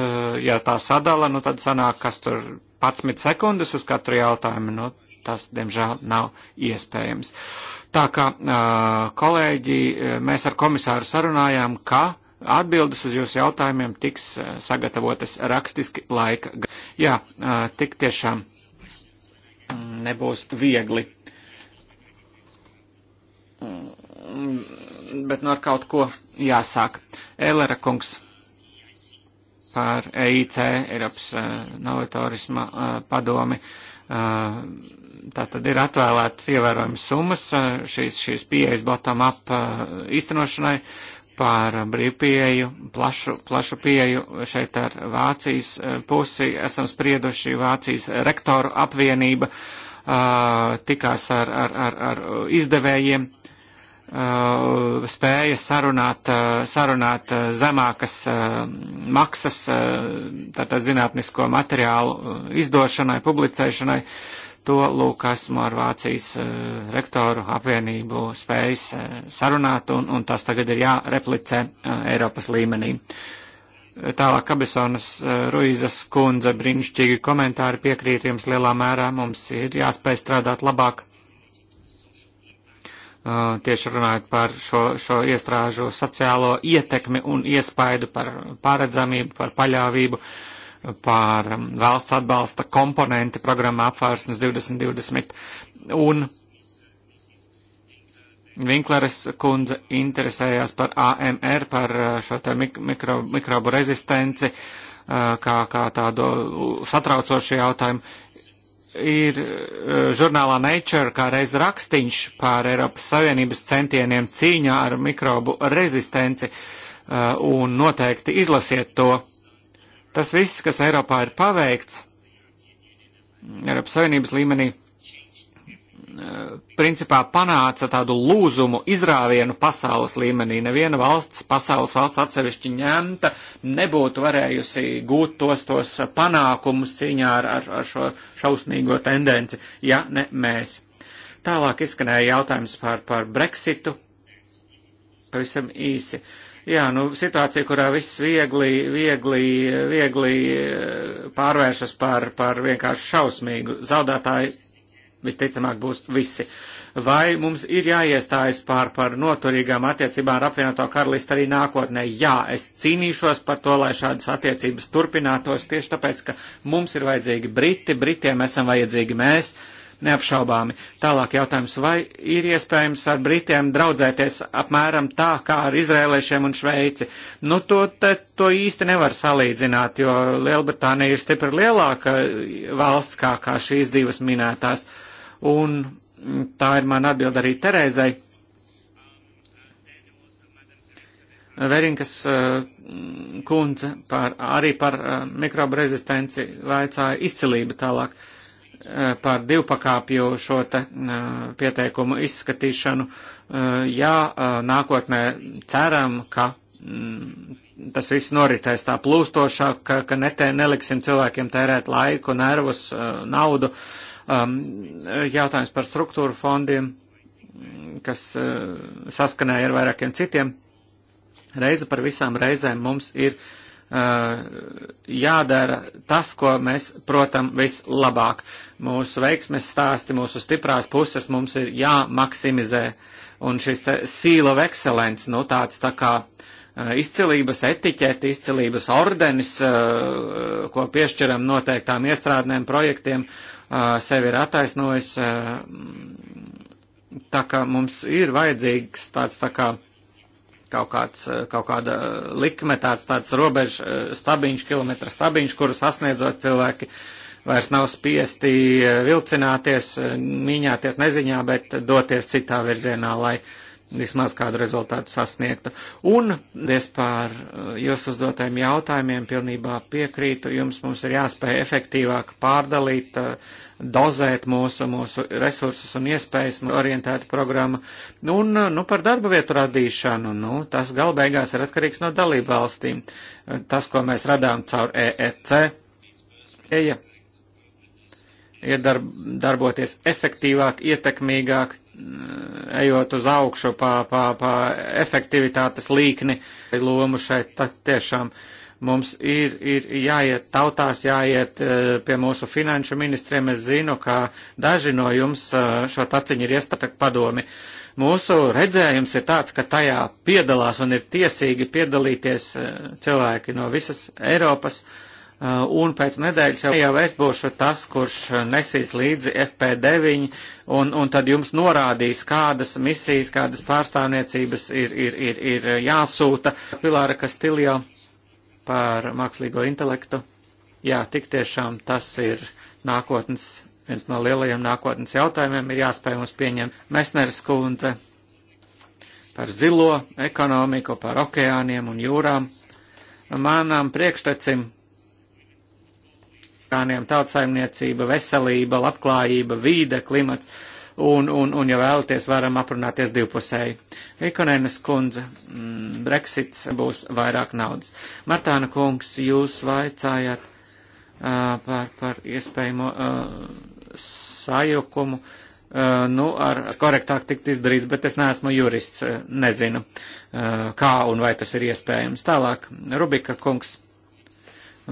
ja tā sadala, nu tad sanāk, kas tur 11 sekundes uz katru jautājumu, nu tas, diemžēl, nav iespējams. Tā kā, kolēģi, mēs ar komisāru sarunājām, ka atbildes uz jūsu jautājumiem tiks sagatavotas rakstiski laika. Jā, tik tiešām mm, nebūs viegli. Mm, bet nu ar kaut ko jāsāk. Ēlera kungs par EIC, Eiropas novatorisma padomi. Uh, Tā tad ir atvēlētas ievērojams summas šīs, šīs pieejas bottom-up īstenošanai par brīvpieju, plašu, plašu pieju šeit ar Vācijas pusi. Esam sprieduši Vācijas rektoru apvienība tikās ar, ar, ar, ar izdevējiem Uh, spēja sarunāt, uh, sarunāt uh, zemākas maksas, tātad zinātnisko materiālu izdošanai, publicēšanai. To lūk esmu ar Vācijas rektoru apvienību spējis sarunāt, un, un tas tagad ir jāreplicē Eiropas līmenī. Tālāk Kabesonas Ruizas kundze brīnišķīgi komentāri piekrīt jums lielā mērā. Mums ir jāspēj strādāt labāk Uh, tieši runājot par šo, šo iestrāžu sociālo ietekmi un iespaidu par paredzamību, par paļāvību, par um, valsts atbalsta komponenti programmā apvārsnes 2020. Un Vinkleres kundze interesējās par AMR, par uh, šo te mikro, mikrobu rezistenci, uh, kā, kā tādu satraucošu jautājumu ir e, žurnālā Nature kā reiz rakstīņš pār Eiropas Savienības centieniem cīņā ar mikrobu rezistenci, e, un noteikti izlasiet to. Tas viss, kas Eiropā ir paveikts, Eiropas Savienības līmenī, Eh, principā panāca tādu lūzumu izrāvienu pasaules līmenī. Neviena valsts, pasaules valsts atsevišķi ņemta, nebūtu varējusi gūt tos, tos panākumus cīņā ar, ar, ar šo šausmīgo tendenci, ja ne mēs. Tālāk izskanēja jautājums par, par Brexitu. Pavisam īsi. Jā, nu, situācija, kurā viss viegli, viegli, viegli eh, pārvēršas par, par vienkārši šausmīgu zaudētāju visticamāk būs visi. Vai mums ir jāiestājas pār par noturīgām attiecībām ar apvienoto karalistu arī nākotnē? Jā, es cīnīšos par to, lai šādas attiecības turpinātos tieši tāpēc, ka mums ir vajadzīgi Briti, Britiem esam vajadzīgi mēs. Neapšaubāmi. Tālāk jautājums, vai ir iespējams ar Britiem draudzēties apmēram tā kā ar izrēliešiem un Šveici? Nu, to, te, to īsti nevar salīdzināt, jo Lielbritānija ir stipri lielāka valsts kā, kā šīs divas minētās. Uh, Un tā ir man atbild arī Terezai. Verinkas eh, kundze par, arī par eh, mikrobu rezistenci vaicāja izcilība tālāk eh, par divpakāpju šo te pieteikumu izskatīšanu. Jā, nākotnē ceram, ka mm, tas viss noritēs tā plūstošāk, ka, ka netē, neliksim cilvēkiem tērēt laiku, nervus, naudu. Uh, Um, jautājums par struktūru fondiem, kas uh, saskanēja ar vairākiem citiem. Reize par visām reizēm mums ir uh, jādara tas, ko mēs, protam, vislabāk. Mūsu veiksmes stāsti, mūsu stiprās puses mums ir jāmaksimizē. Un šis seal of excellence, nu tāds tā kā uh, izcilības etiķeti, izcilības ordenis, uh, ko piešķiram noteiktām iestrādnēm, projektiem sevi ir attaisnojis, tā ka mums ir vajadzīgs tāds tā kā kaut, kāds, kaut kāda likme, tāds, tāds robežu stabiņš, kilometra stabiņš, kuru sasniedzot cilvēki vairs nav spiesti vilcināties, mīņāties neziņā, bet doties citā virzienā, lai uh, vismaz kādu rezultātu sasniegtu. Un es pār uh, jūs uzdotajiem jautājumiem pilnībā piekrītu, jums mums ir jāspēj efektīvāk pārdalīt, uh, dozēt mūsu, mūsu resursus un iespējas orientēta programma. Un, uh, nu, par darba vietu radīšanu, nu, tas galbeigās ir atkarīgs no dalību valstīm. Tas, ko mēs radām caur EEC. Eja iedarb, darboties efektīvāk, ietekmīgāk, eh, ejot uz augšu pa, pa, pa efektivitātes līkni. Lomu šeit tiešām mums ir, ir jāiet tautās, jāiet eh, pie mūsu finanšu ministriem. Es zinu, ka daži no jums eh, šo taciņu ir iespatak padomi. Mūsu redzējums ir tāds, ka tajā piedalās un ir tiesīgi piedalīties cilvēki no visas Eiropas. Uh, Uh, un pēc nedēļas jau, jau es būšu tas, kurš uh, nesīs līdzi FP9, un, un tad jums norādīs, kādas misijas, kādas pārstāvniecības ir, ir, ir, ir jāsūta. Pilāra Kastiljo par mākslīgo intelektu. Jā, tik tiešām tas ir nākotnes, viens no lielajiem nākotnes jautājumiem ir jāspēj mums pieņemt. Mesneres kundze par zilo ekonomiku, par okeāniem un jūrām. Manām priekštecim orgāniem, tautsaimniecība, veselība, labklājība, vīde, klimats, un, un, un ja vēlaties, varam aprunāties divpusēji. Vikonēnas kundze, mm, Brexits būs vairāk naudas. Martāna kungs, jūs vaicājāt uh, par, par iespējamo uh, sajukumu. Uh, nu, ar korektāk tikt izdarīts, bet es neesmu jurists, nezinu, uh, kā un vai tas ir iespējams. Tālāk, Rubika kungs,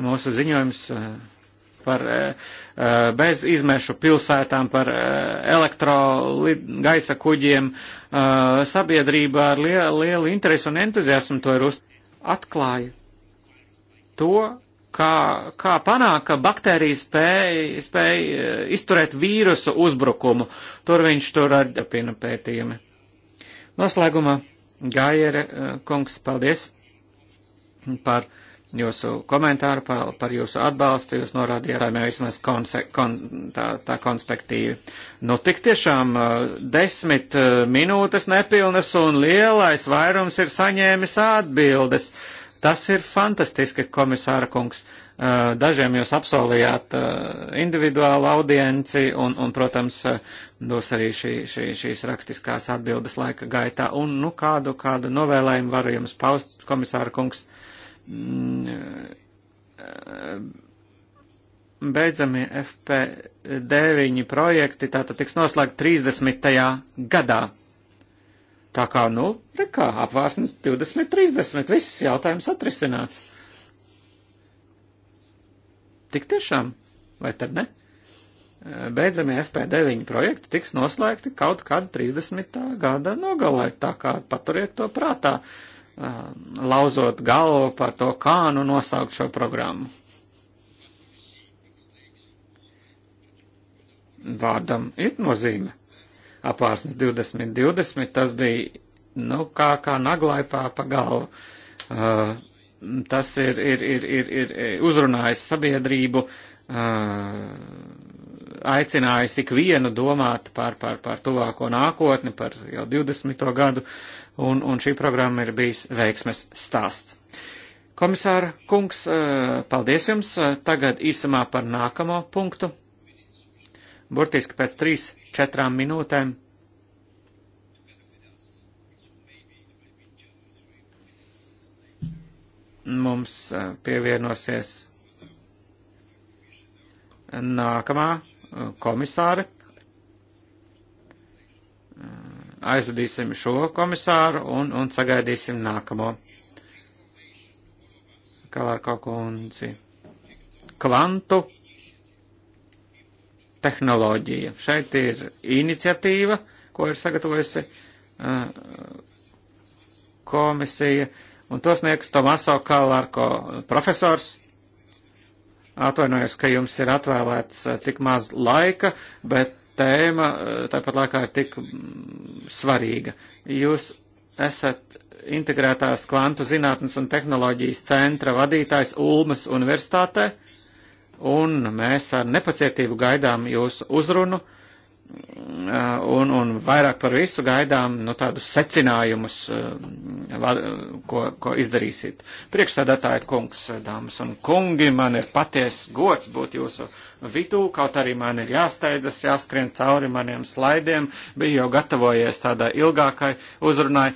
mūsu ziņojums uh, par eh, eh, bez izmešu pilsētām, par eh, elektro gaisa kuģiem. Sabiedrība ar lielu, lielu interesi un entuziasmu to ir uz atklāja. To, kā, kā panāk, ka baktērija spēja, spēja izturēt vīrusu uzbrukumu. Tur viņš tur atdapina pētījumi. Noslēgumā Gaiere kungs, paldies par jūsu komentāru, par, par jūsu atbalstu. Jūs norādījāt, lai mēs vismaz konse, kon, tā, tā konspektīvi. Nu, tik tiešām uh, desmit uh, minūtes nepilnas un lielais vairums ir saņēmis atbildes. Tas ir fantastiski, komisāra kungs. Uh, dažiem jūs apsolījāt individuālu audienci un, un protams, dos arī šī, šī, šīs rakstiskās atbildes laika gaitā. Un, nu, kādu, kādu novēlējumu varu jums paust, komisāra kungs? Uh, Mm, eh, eh, beidzamie FP9 projekti tātad tiks noslēgt 30. gadā. Tā kā, nu, rekā, apvārsnes 2030, viss jautājums atrisināts. Tik tiešām, vai tad ne? Eh, beidzamie FP9 projekti tiks noslēgti kaut kad 30. gada nogalē, tā kā paturiet to prātā. Uh, Uh, lauzot galvu par to, kā nu nosaukt šo programmu. Vārdam ir nozīme. Apārsnes 2020 tas bija, nu, kā, kā naglaipā pa galvu. Uh, tas ir, ir, ir, ir, ir uzrunājis sabiedrību, uh, aicinājis ikvienu domāt par, par, par tuvāko nākotni, par jau 20. gadu, un, un šī programma ir bijis veiksmes stāsts. Komisāra kungs, eh, paldies jums. Eh, tagad īsumā par nākamo punktu. Burtiski pēc 3-4 minūtēm. Mums eh, pievienosies nākamā komisāri. Aizvedīsim šo komisāru un, un sagaidīsim nākamo. Kalārko kundzi. Kvantu tehnoloģija. Šeit ir iniciatīva, ko ir sagatavojusi uh, komisija, un to sniegs Tomaso Kalārko profesors Atvainojos, ka jums ir atvēlēts eh, tik maz laika, bet tēma eh, tāpat laikā ir tik mm, svarīga. Jūs esat integrētās kvantu zinātnes un tehnoloģijas centra vadītājs Ulmas universitātē, un mēs ar nepacietību gaidām jūsu uzrunu un, un vairāk par visu gaidām nu, tādus secinājumus, eh, ko, ko izdarīsiet. Priekšsēdētāji kungs, eh, dāmas un kungi, man ir paties gods būt jūsu vidū, kaut arī man ir jāsteidzas, jāskrien cauri maniem slaidiem, biju jau gatavojies tādai ilgākai uzrunai.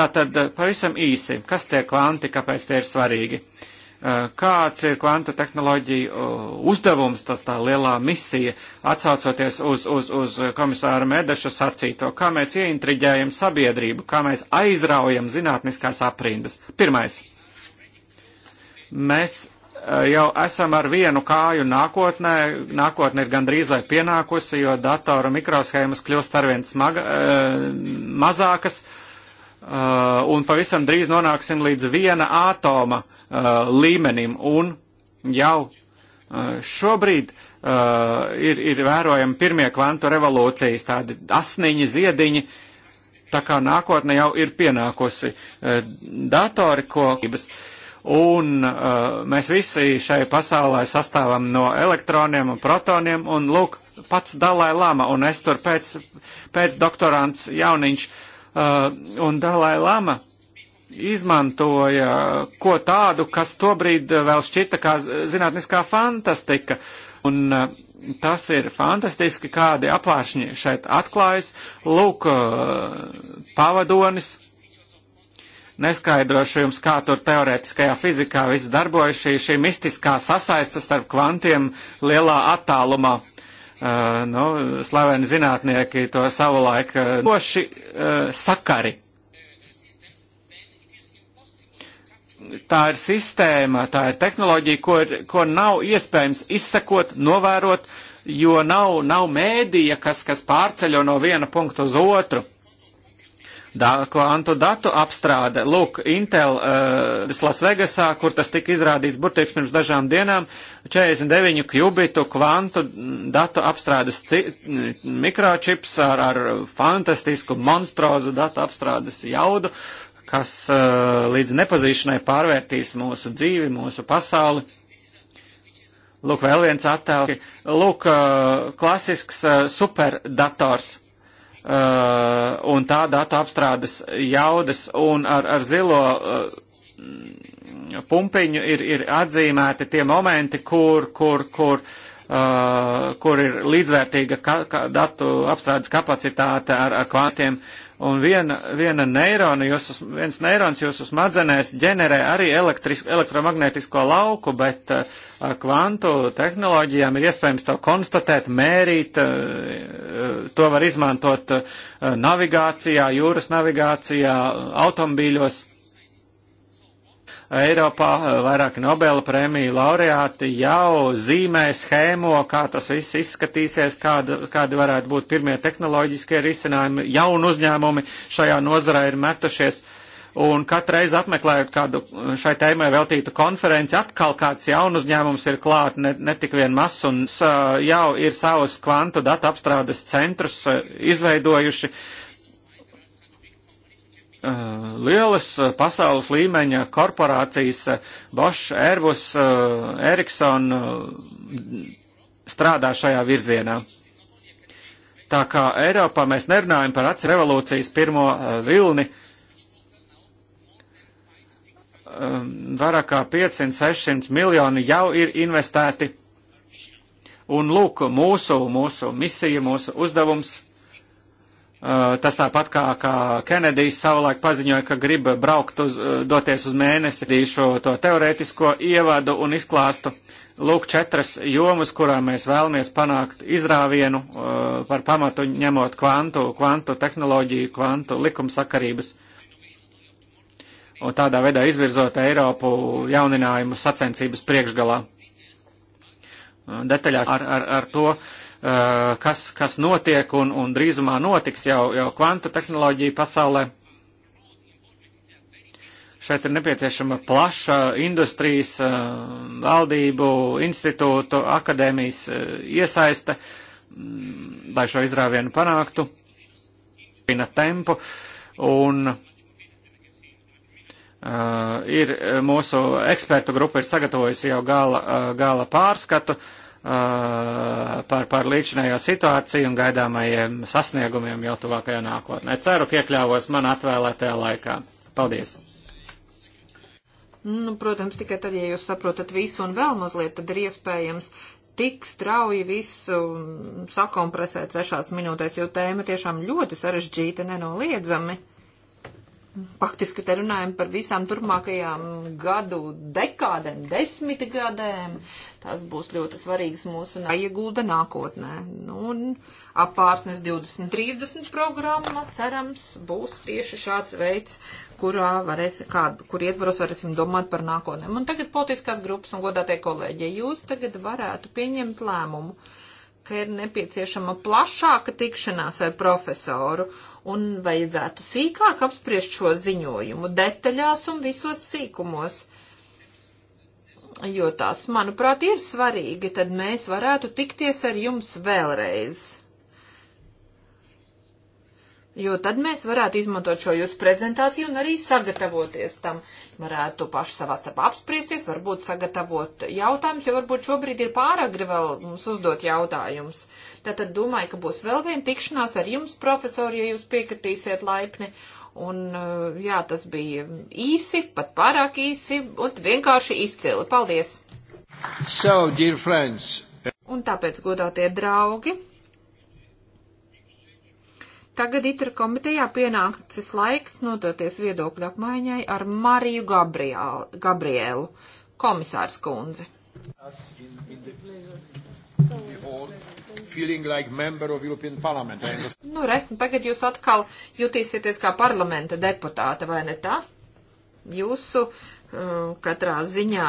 Tātad eh, pavisam īsi, kas tie kvanti, kāpēc tie ir svarīgi? Uh, Eh, kāds ir kvantu tehnoloģiju eh, uzdevums, tas tā lielā misija, atsaucoties uz, uz, uz komisāru Medeša sacīto, kā mēs ieintriģējam sabiedrību, kā mēs aizraujam zinātniskās aprindas. Pirmais. Mēs eh, jau esam ar vienu kāju nākotnē, nākotne ir gandrīz vai pienākusi, jo datoru mikroshēmas kļūst arvien smaga, mazākas, un pavisam drīz nonāksim līdz viena ātoma Uh, līmenim un jau uh, šobrīd uh, ir, ir vērojami pirmie kvantu revolūcijas, tādi asniņi, ziediņi, tā kā nākotne jau ir pienākusi datori, ko. Un uh, mēs visi šai pasaulē sastāvam no elektroniem un protoniem, un lūk, pats Dalai Lama, un es tur pēc, pēc doktorants jauniņš, uh, un Dalai Lama izmantoja ko tādu, kas tobrīd vēl šķita kā zinātniskā fantastika. Un e, tas ir fantastiski, kādi apvāršņi šeit atklājas. Lūk, e, pavadonis. Neskaidrošu jums, kā tur teorētiskajā fizikā viss darbojas šī, šī mistiskā sasaista starp kvantiem lielā attālumā. Uh, nu, slaveni zinātnieki to savulaik uh, doši uh, sakari tā ir sistēma, tā ir tehnoloģija, ko, ir, ko nav iespējams izsekot, novērot, jo nav, nav mēdīja, kas, kas pārceļo no viena punkta uz otru. Da, kvantu datu apstrāde, lūk, Intel uh, eh, Lasvegasā, kur tas tika izrādīts burtieks pirms dažām dienām, 49 kubitu kvantu datu apstrādes mikročips ar, ar fantastisku monstrozu datu apstrādes jaudu. Uh, kas eh, līdz nepazīšanai pārvērtīs mūsu dzīvi, mūsu pasauli. Lūk, vēl viens attēls. Lūk, eh, klasisks eh, superdators. Un tā datu apstrādes jaudas un ar, ar zilo pumpiņu ir, ir atzīmēti tie momenti, kur, kur, kur, uh, kur ir līdzvērtīga ka, ka, datu apstrādes kapacitāte ar, ar kvantiem. Uh, Un viena, viena neirona jūsu, viens neirons jūsu smadzenēs ģenerē arī elektris, elektromagnētisko lauku, bet eh, ar kvantu tehnoloģijām ir iespējams to konstatēt, mērīt, eh, eh, to var izmantot navigācijā, jūras navigācijā, automobīļos. Eiropā eh, vairāki Nobela prēmiju laureāti jau zīmē schēmo, kā tas viss izskatīsies, kāda, kādi varētu būt pirmie tehnoloģiskie risinājumi. Jauni uzņēmumi šajā nozarē ir metušies. Un katreiz apmeklējot kādu eh, šai tēmai veltītu konferenci, atkal kāds jaunu uzņēmums ir klāt, ne, ne tik vien mazs, un jau ir savus kvantu datu apstrādes centrus eh, izveidojuši, uh, Eh, lielas eh, pasaules līmeņa korporācijas eh, Bosch, Airbus, Ericsson strādā šajā virzienā. Tā kā Eiropā mēs nerunājam par acu revolūcijas pirmo vilni, vairāk kā 500-600 miljoni jau ir investēti. Un lūk, mūsu, mūsu misija, mūsu uzdevums Eh, tas tāpat kā, kā Kenedijs savulaik paziņoja, ka grib braukt uz, eh, doties uz mēnesi, dīšu to teorētisko ievadu un izklāstu. Lūk, četras jomas, kurā mēs vēlamies panākt izrāvienu eh, par pamatu ņemot kvantu, kvantu tehnoloģiju, kvantu likumsakarības. Un tādā veidā izvirzot Eiropu jauninājumu sacensības priekšgalā. Detaļās ar, ar, ar to. Uh, Eh, kas, kas notiek un, un drīzumā notiks jau, jau kvantu tehnoloģija pasaulē. Šeit ir nepieciešama plaša industrijas, eh, valdību, institūtu, akadēmijas eh, iesaiste, mm, lai šo izrāvienu panāktu, pina tempu. Un uh, ir mūsu ekspertu grupa ir sagatavojusi jau gala, uh, gala pārskatu. Uh, Uh, par, par līdzinējo situāciju un gaidāmajiem sasniegumiem jau tuvākajā nākotnē. Ceru, piekļāvos man atvēlētajā laikā. Paldies! Nu, protams, tikai tad, ja jūs saprotat visu un vēl mazliet, tad ir iespējams tik strauji visu sakompresēt sešās minūtēs, jo tēma tiešām ļoti sarežģīta, nenoliedzami. Faktiski te runājam par visām turpmākajām gadu dekādēm, desmitgadēm. gadēm Tās būs ļoti svarīgas mūsu jāiegulda nākotnē. Nu, un apvārsnes 2030 programma, cerams, būs tieši šāds veids, kurā varēs, kā, kur ietvaros varēsim domāt par nākotnēm. Un tagad politiskās grupas un godātie kolēģi, ja jūs tagad varētu pieņemt lēmumu, ka ir nepieciešama plašāka tikšanās ar profesoru un vajadzētu sīkāk apspriest šo ziņojumu detaļās un visos sīkumos jo tās, manuprāt, ir svarīgi, tad mēs varētu tikties ar jums vēlreiz. Jo tad mēs varētu izmantot šo jūsu prezentāciju un arī sagatavoties tam. Varētu paši savā starpā apspriesties, varbūt sagatavot jautājumus, jo varbūt šobrīd ir pāragri vēl mums uzdot jautājumus. Tātad domāju, ka būs vēl viena tikšanās ar jums, profesori, ja jūs piekritīsiet laipni. Un, eh, jā, tas bija īsi, pat pārāk īsi, un vienkārši izcili. Paldies! So, dear friends. Un tāpēc, godātie draugi, tagad itra komitejā pienācis laiks nodoties viedokļu apmaiņai ar Mariju Gabriel, Gabrielu, komisārs kundzi. In, in the, in the feeling like member of European Parliament. Nu, re, tagad jūs atkal jutīsieties kā parlamenta deputāte, vai ne tā? Jūsu uh, katrā ziņā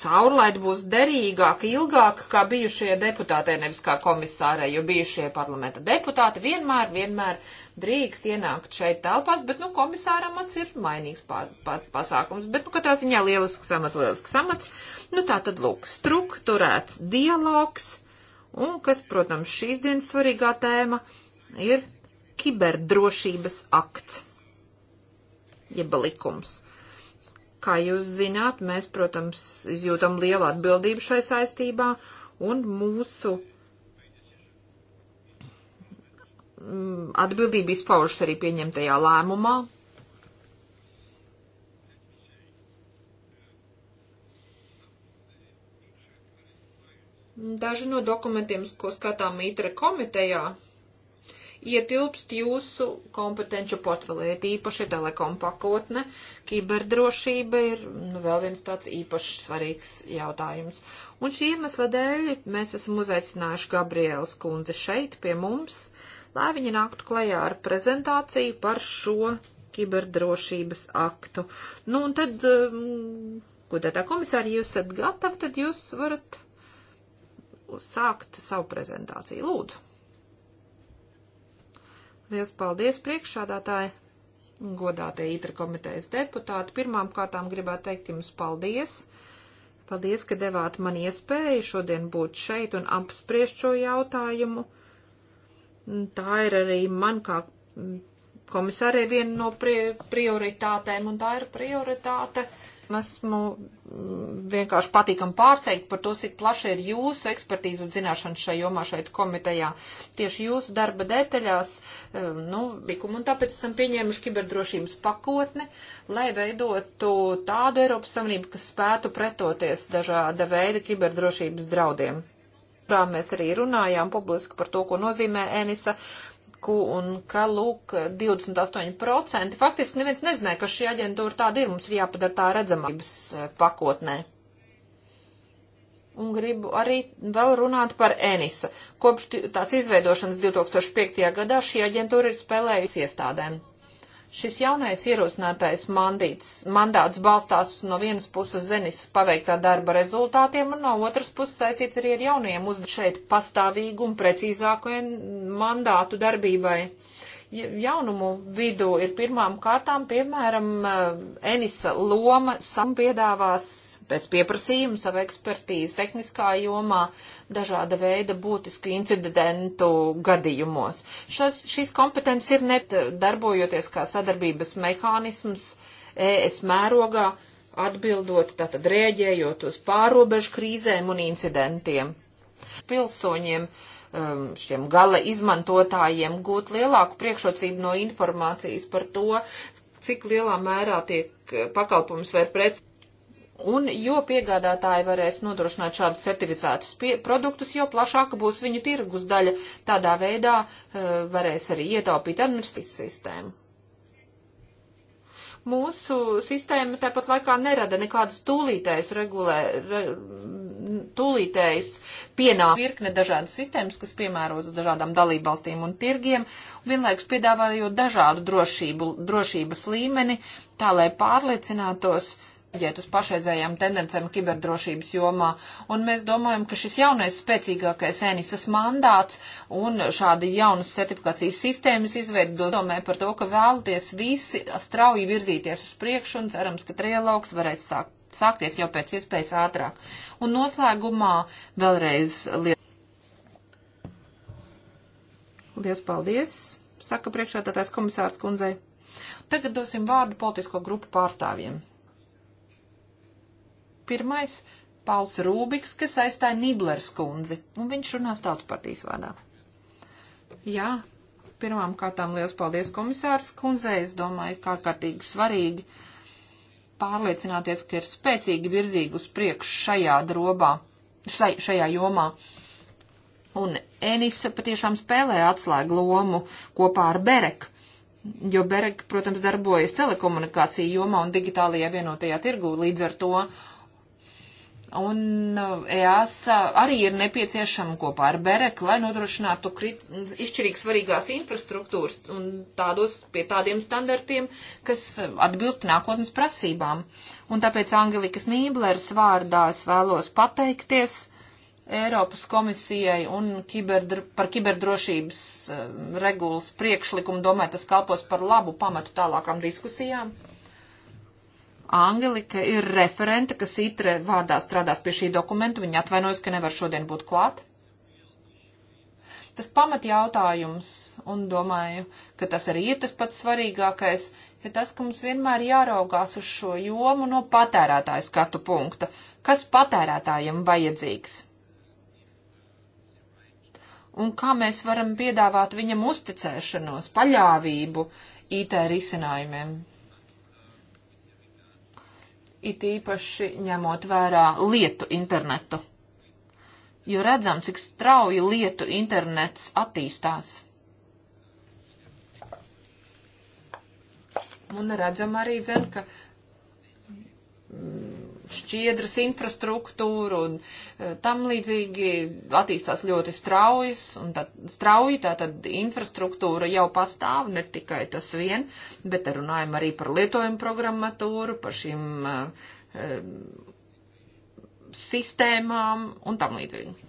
caurlaidi būs derīgāka, ilgāka kā bijušie deputātei, nevis kā komisārai, jo bijušie parlamenta deputāti vienmēr, vienmēr drīkst ienākt šeit telpās, bet, nu, komisāram ats ir mainīgs pār, pār, pasākums, bet, nu, katrā ziņā lielisks samats, lielisks samats. Nu, tā tad, lūk, strukturēts dialogs, un, kas, protams, šīs dienas svarīgā tēma ir kiberdrošības akts, jeb likums. Kā jūs zināt, mēs, protams, izjūtam lielu atbildību šai saistībā, un mūsu mm, atbildība izpaužas arī pieņemtajā lēmumā. Daži no dokumentiem, ko skatām ITRE komitejā, ietilpst jūsu kompetenču portfelē, īpaši telekom pakotne, kiberdrošība ir nu, vēl viens tāds īpaši svarīgs jautājums. Un šī iemesla dēļ mēs esam uzaicinājuši Gabrielas kundzi šeit pie mums, lai viņa nāktu klajā ar prezentāciju par šo kiberdrošības aktu. Nu, un tad, ko um, tā komisāri, jūs esat gatavi, tad jūs varat sākt savu prezentāciju. Lūdzu! Liels paldies priekšādātāji, godātie itra komitejas deputāti. Pirmām kārtām gribētu teikt jums paldies. Paldies, ka devāt man iespēju šodien būt šeit un apspriest šo jautājumu. Tā ir arī man kā komisārē viena no prioritātēm, un tā ir prioritāte esmu mm, vienkārši patīkam pārsteigt par to, cik plaši ir jūsu ekspertīzu un zināšanas šai jomā šeit komitejā. Tieši jūsu darba detaļās, um, nu, likumu un tāpēc esam pieņēmuši kiberdrošības pakotni, lai veidotu tādu Eiropas Savienību, kas spētu pretoties dažāda veida kiberdrošības draudiem kurā mēs arī runājām publiski par to, ko nozīmē Enisa banku un ka, lūk, 28% faktiski neviens nezināja, ka šī aģentūra tāda ir, mums ir jāpadara tā redzamības eh, pakotnē. Un gribu arī vēl runāt par Enisa. Kopš tās izveidošanas 2005. gadā šī aģentūra ir spēlējusi iestādēm. Šis jaunais ierosinātais mandīts, mandāts balstās no vienas puses Zenis paveiktā darba rezultātiem un no otras puses saistīts arī ar jaunajiem uz šeit pastāvīgu un precīzāku mandātu darbībai jaunumu vidū ir pirmām kārtām, piemēram, eh, Enisa loma sam piedāvās pēc pieprasījuma savu ekspertīzi tehniskā jomā dažāda veida būtisku incidentu gadījumos. Šas, šīs kompetences ir net eh, darbojoties kā sadarbības mehānisms ES mērogā, atbildot, tātad rēģējot uz pārobežu krīzēm un incidentiem. Pilsoņiem um, šiem gala izmantotājiem gūt lielāku priekšrocību no informācijas par to, cik lielā mērā tiek eh, pakalpums vai preci Un jo piegādātāji varēs nodrošināt šādu certificētus produktus, jo plašāka būs viņu tirgus daļa. Tādā veidā uh, varēs arī ietaupīt administratīvu sistēmu. Mūsu sistēma tāpat laikā nerada nekādas tūlītējas regulē, re, tūlītējas pienāk virkne dažādas sistēmas, kas piemērotas dažādām dalībvalstīm un tirgiem, vienlaikus piedāvājot dažādu drošību, drošības līmeni, tā lai pārliecinātos, uh, reaģēt uz pašreizējām tendencēm kiberdrošības jomā. Un mēs domājam, ka šis jaunais spēcīgākais ēnisas mandāts un šādi jaunas certifikācijas sistēmas izveido domē par to, ka vēlaties visi strauji virzīties uz priekšu un cerams, ka trialogs varēs sākt, sākties jau pēc iespējas ātrāk. Un noslēgumā vēlreiz liels. Liels paldies, saka priekšētātais komisārs kundzei. Tagad dosim vārdu politisko grupu pārstāvjiem. Pirmais - Pauls Rūbiks, kas aizstāja Niblers kundzi, un viņš runās tautas partijas vārdā. Jā, pirmām kārtām liels paldies komisārs kundzei, es domāju, kā kārtīgi svarīgi pārliecināties, ka ir spēcīgi virzīgi uz priekšu šajā drobā, šai, šajā jomā. Un Enisa patiešām spēlē atslēgu lomu kopā ar Bereku, jo Berek, protams, darbojas telekomunikāciju jomā un digitālajā vienotajā tirgū līdz ar to Un EASA eh, e arī ir nepieciešama kopā ar BEREK, lai nodrošinātu krit, izšķirīgi svarīgās infrastruktūras un tādos pie tādiem standartiem, kas eh, atbilst nākotnes prasībām. Un tāpēc Angelikas Nībleres vārdā es vēlos pateikties Eiropas komisijai un kiberdr par kiberdrošības eh, regulas priekšlikumu. Domāju, tas kalpos par labu pamatu tālākām diskusijām. Angelika ir referente, kas itre vārdā strādās pie šī dokumenta. Viņa atvainojas, ka nevar šodien būt klāt. Tas pamat jautājums, un domāju, ka tas arī ir tas pats svarīgākais, ir tas, ka mums vienmēr jāraugās uz šo jomu no patērētāja skatu punkta. Kas patērētājiem vajadzīgs? Un kā mēs varam piedāvāt viņam uzticēšanos, paļāvību IT risinājumiem? it īpaši ņemot vērā lietu internetu. Jo redzam, cik strauji lietu internets attīstās. Un redzam arī, zin, ka šķiedras infrastruktūru un e, tam līdzīgi attīstās ļoti straujas un tā, strauji, tā tad infrastruktūra jau pastāv, ne tikai tas vien, bet te runājam arī par lietojumu programmatūru, par šīm e, e, sistēmām un tam līdzīgi.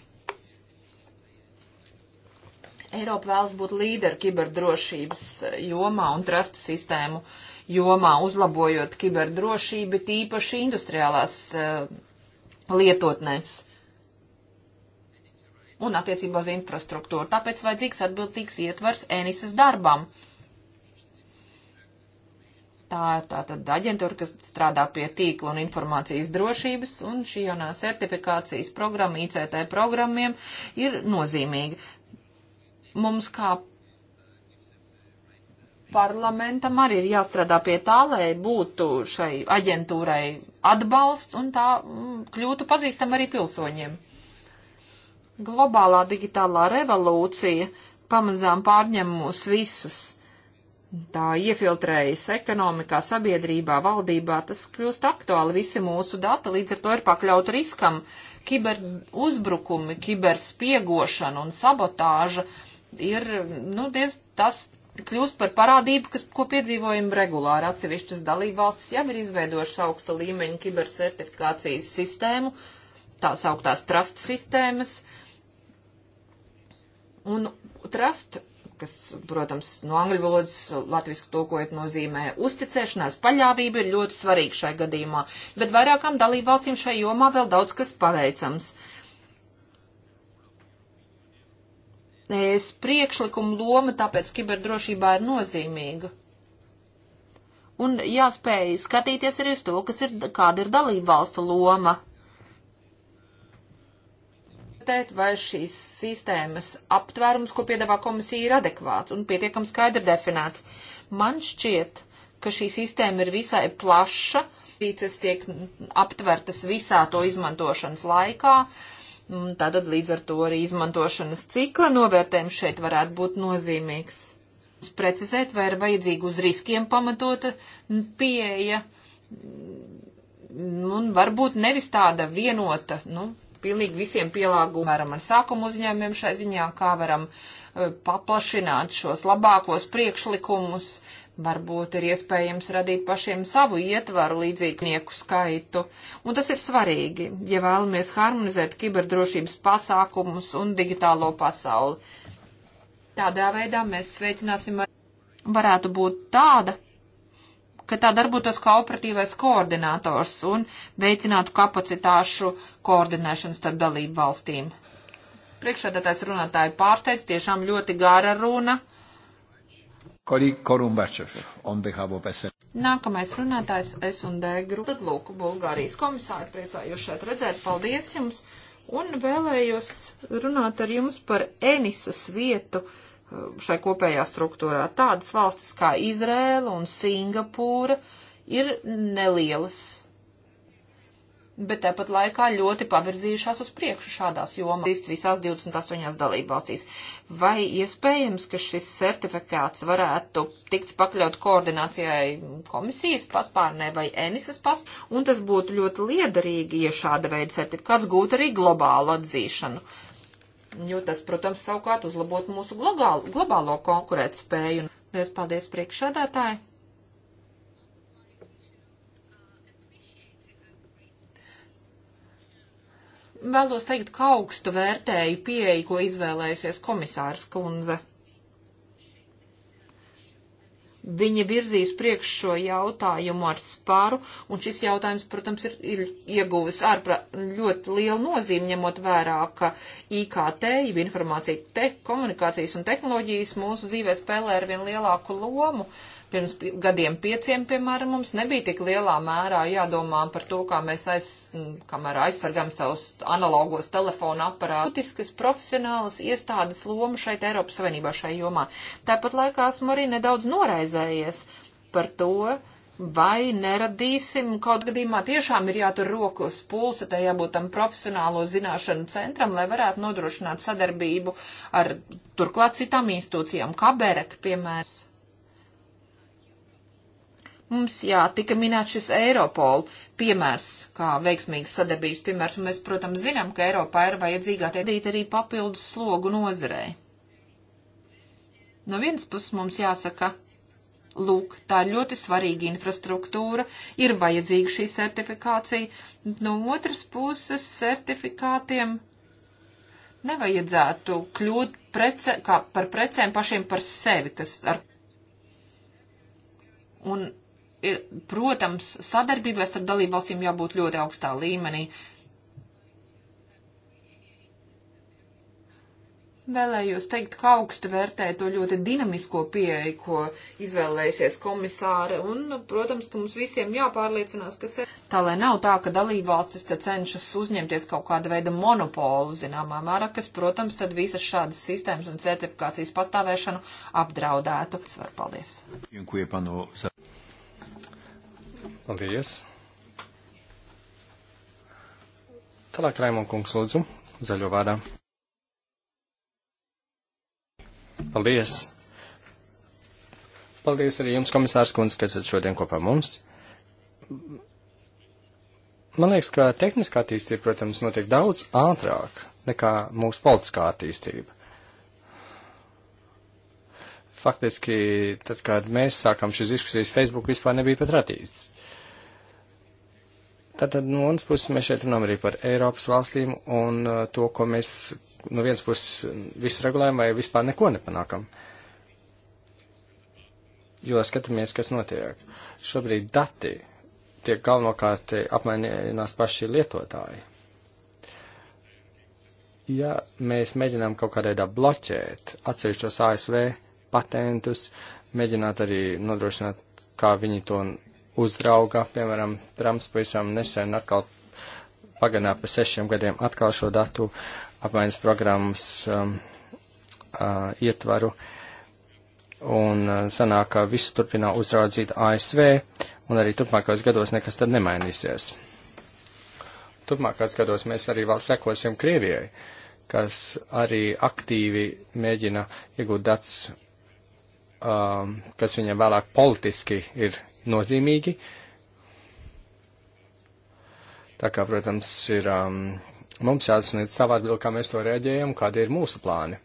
Eiropa vēlas būt līderi kiberdrošības jomā un trasta sistēmu uh, jomā, uzlabojot kiberdrošību, tīpaši industriālās uh, lietotnēs un attiecībā uz infrastruktūru. Tāpēc vajadzīgs atbildīgs ietvers Enises darbam. Tā ir tā tad aģentūra, kas strādā pie tīkla un informācijas drošības, un šī jaunā certifikācijas programma ICT programmiem ir nozīmīga. Mums kā parlamentam arī ir jāstrādā pie tā, lai būtu šai aģentūrai atbalsts un tā mm, kļūtu pazīstam arī pilsoņiem. Globālā digitālā revolūcija pamazām pārņem mūs visus. Tā iefiltrējas ekonomikā, sabiedrībā, valdībā, tas kļūst aktuāli, visi mūsu dati līdz ar to ir pakļauti riskam. Kiber uzbrukumi, kiberspiegošana un sabotāža ir, nu, diez, tas kļūst par parādību, kas, ko piedzīvojam regulāri. Atsevišķas dalībvalstis jau ir izveidojušas augsta līmeņa kibersertifikācijas sistēmu, tās augtās trust sistēmas. Un trust, kas, protams, no angļu valodas latviešu tulkojot nozīmē uzticēšanās, paļāvība ir ļoti svarīga šai gadījumā, bet vairākām dalībvalstīm šai jomā vēl daudz kas paveicams. Uh, es priekšlikumu loma, tāpēc kiberdrošībā ir nozīmīga. Un jāspēj skatīties arī uz to, kas ir, kāda ir dalība valstu loma. Tēt, vai šīs sistēmas aptvērums, ko piedāvā komisija, ir adekvāts un pietiekami skaidri definēts. Man šķiet, ka šī sistēma ir visai plaša, rīces tiek aptvertas visā to izmantošanas laikā, uh, Tātad līdz ar to arī izmantošanas cikla novērtējums šeit varētu būt nozīmīgs. Precizēt, vai ir vajadzīga uz riskiem pamatota pieeja, un varbūt nevis tāda vienota, nu, pilnīgi visiem pielāgojumiem, ar sākumu uzņēmumiem šai ziņā, kā varam uh, Eh, paplašināt šos labākos priekšlikumus, varbūt ir iespējams radīt pašiem savu ietvaru līdzīgnieku skaitu. Un tas ir svarīgi, ja vēlamies harmonizēt kiberdrošības pasākumus un digitālo pasauli. Tādā veidā mēs sveicināsim, varētu būt tāda ka tā darbotos kā operatīvais koordinators un veicinātu kapacitāšu koordinēšanu starp dalību valstīm. Priekšsēdētājs runātāji pārsteidz, tiešām ļoti gara runa. Nākamais runātājs S&D grupa. Tad lūk, Bulgārijas komisāri priecājos šeit redzēt. Paldies jums! Un vēlējos runāt ar jums par Enisas vietu uh, šai kopējā struktūrā. Tādas valstis kā Izrēla un Singapūra ir nelielas bet tāpat laikā ļoti pavirzījušās uz priekšu šādās jomās visās 28 dalībvalstīs. Vai iespējams, ka šis certifikāts varētu tikt pakļaut koordinācijai komisijas paspārnē vai Enisas paspārnē, un tas būtu ļoti liederīgi, ja šāda veida certifikāts gūtu arī globālu atzīšanu? Jo tas, protams, savukārt uzlabot mūsu globālo, globālo konkurētspēju. Liels paldies priekšādātāji! vēlos teikt, ka augstu vērtēju pieeju, ko izvēlējusies komisārs kundze. Viņa virzīs priekš šo jautājumu ar spāru, un šis jautājums, protams, ir, ir ieguvis ārpra ļoti lielu nozīmi, ņemot vērā, ka IKT, jeb informācija, te, komunikācijas un tehnoloģijas mūsu dzīvē spēlē ar vien lielāku lomu. Uh, Pirms gadiem pieciem, piemēram, mums nebija tik lielā mērā jādomā par to, kā mēs aiz, kamēr aizsargam savus analogos telefonu aparātus. Būtiskas profesionālas iestādes loma šeit Eiropas Savienībā šai jomā. Tāpat laikā esmu arī nedaudz noraizējies par to, vai neradīsim, kaut gadījumā tiešām ir jātur rokas pulsa, tai jābūt tam profesionālo zināšanu centram, lai varētu nodrošināt sadarbību ar turklāt citām institūcijām, kaberek, piemēram. Mums, jā, tika minēts šis Eiropola piemērs, kā veiksmīgas sadarbības piemērs, un mēs, protams, zinām, ka Eiropā ir vajadzīgā tiedīt arī papildus slogu nozarei. No vienas puses mums jāsaka, Lūk, tā ir ļoti svarīga infrastruktūra, ir vajadzīga šī certifikācija. No otras puses, certifikātiem nevajadzētu kļūt prece, kā par precēm pašiem par sevi, kas ar. Un ir, protams, sadarbībai starp dalībvalstīm jābūt ļoti augstā līmenī. Vēlējos teikt, ka augstu vērtēju to ļoti dinamisko pieeju, ko izvēlēsies komisāra, un, protams, ka mums visiem jāpārliecinās, kas ir. Tā lai nav tā, ka dalībvalstis te cenšas uzņemties kaut kāda veida monopolu, zināmā mērā, kas, protams, tad visas šādas sistēmas un certifikācijas pastāvēšanu apdraudētu. Svar, paldies! Junkuja, panu, Paldies. Tālāk Raimon kungs lūdzu, zaļo vārdā. Paldies. Paldies arī jums, komisārs kundze, ka esat šodien kopā mums. Man liekas, ka tehniskā attīstība, protams, notiek daudz ātrāk nekā mūsu politiskā attīstība faktiski, tad, kad mēs sākām šīs diskusijas, Facebook vispār nebija pat radīts. Tātad no vienas puses mēs šeit runājam arī par Eiropas valstīm un uh, to, ko mēs no vienas puses uh, visu regulējam vai vispār neko nepanākam. Jo skatāmies, kas notiek. Šobrīd dati tiek galvenokārt apmainījās paši lietotāji. Ja mēs mēģinām kaut kādā veidā bloķēt atsevišķos ASV patentus, mēģināt arī nodrošināt, kā viņi to uzrauga, piemēram, Trumps pavisam nesen atkal paganā pa sešiem gadiem atkal šo datu apmaiņas programmas um, uh, ietvaru. Un uh, sanāk, ka visu turpinā uzraudzīt ASV, un arī turpmākajos gados nekas tad nemainīsies. Turpmākajos gados mēs arī vēl sekosim Krievijai, kas arī aktīvi mēģina iegūt datus Um, kas viņiem vēlāk politiski ir nozīmīgi. Tā kā, protams, ir um, mums jāsasniedz savā atbildē, kā mēs to rēģējam, kādi ir mūsu plāni.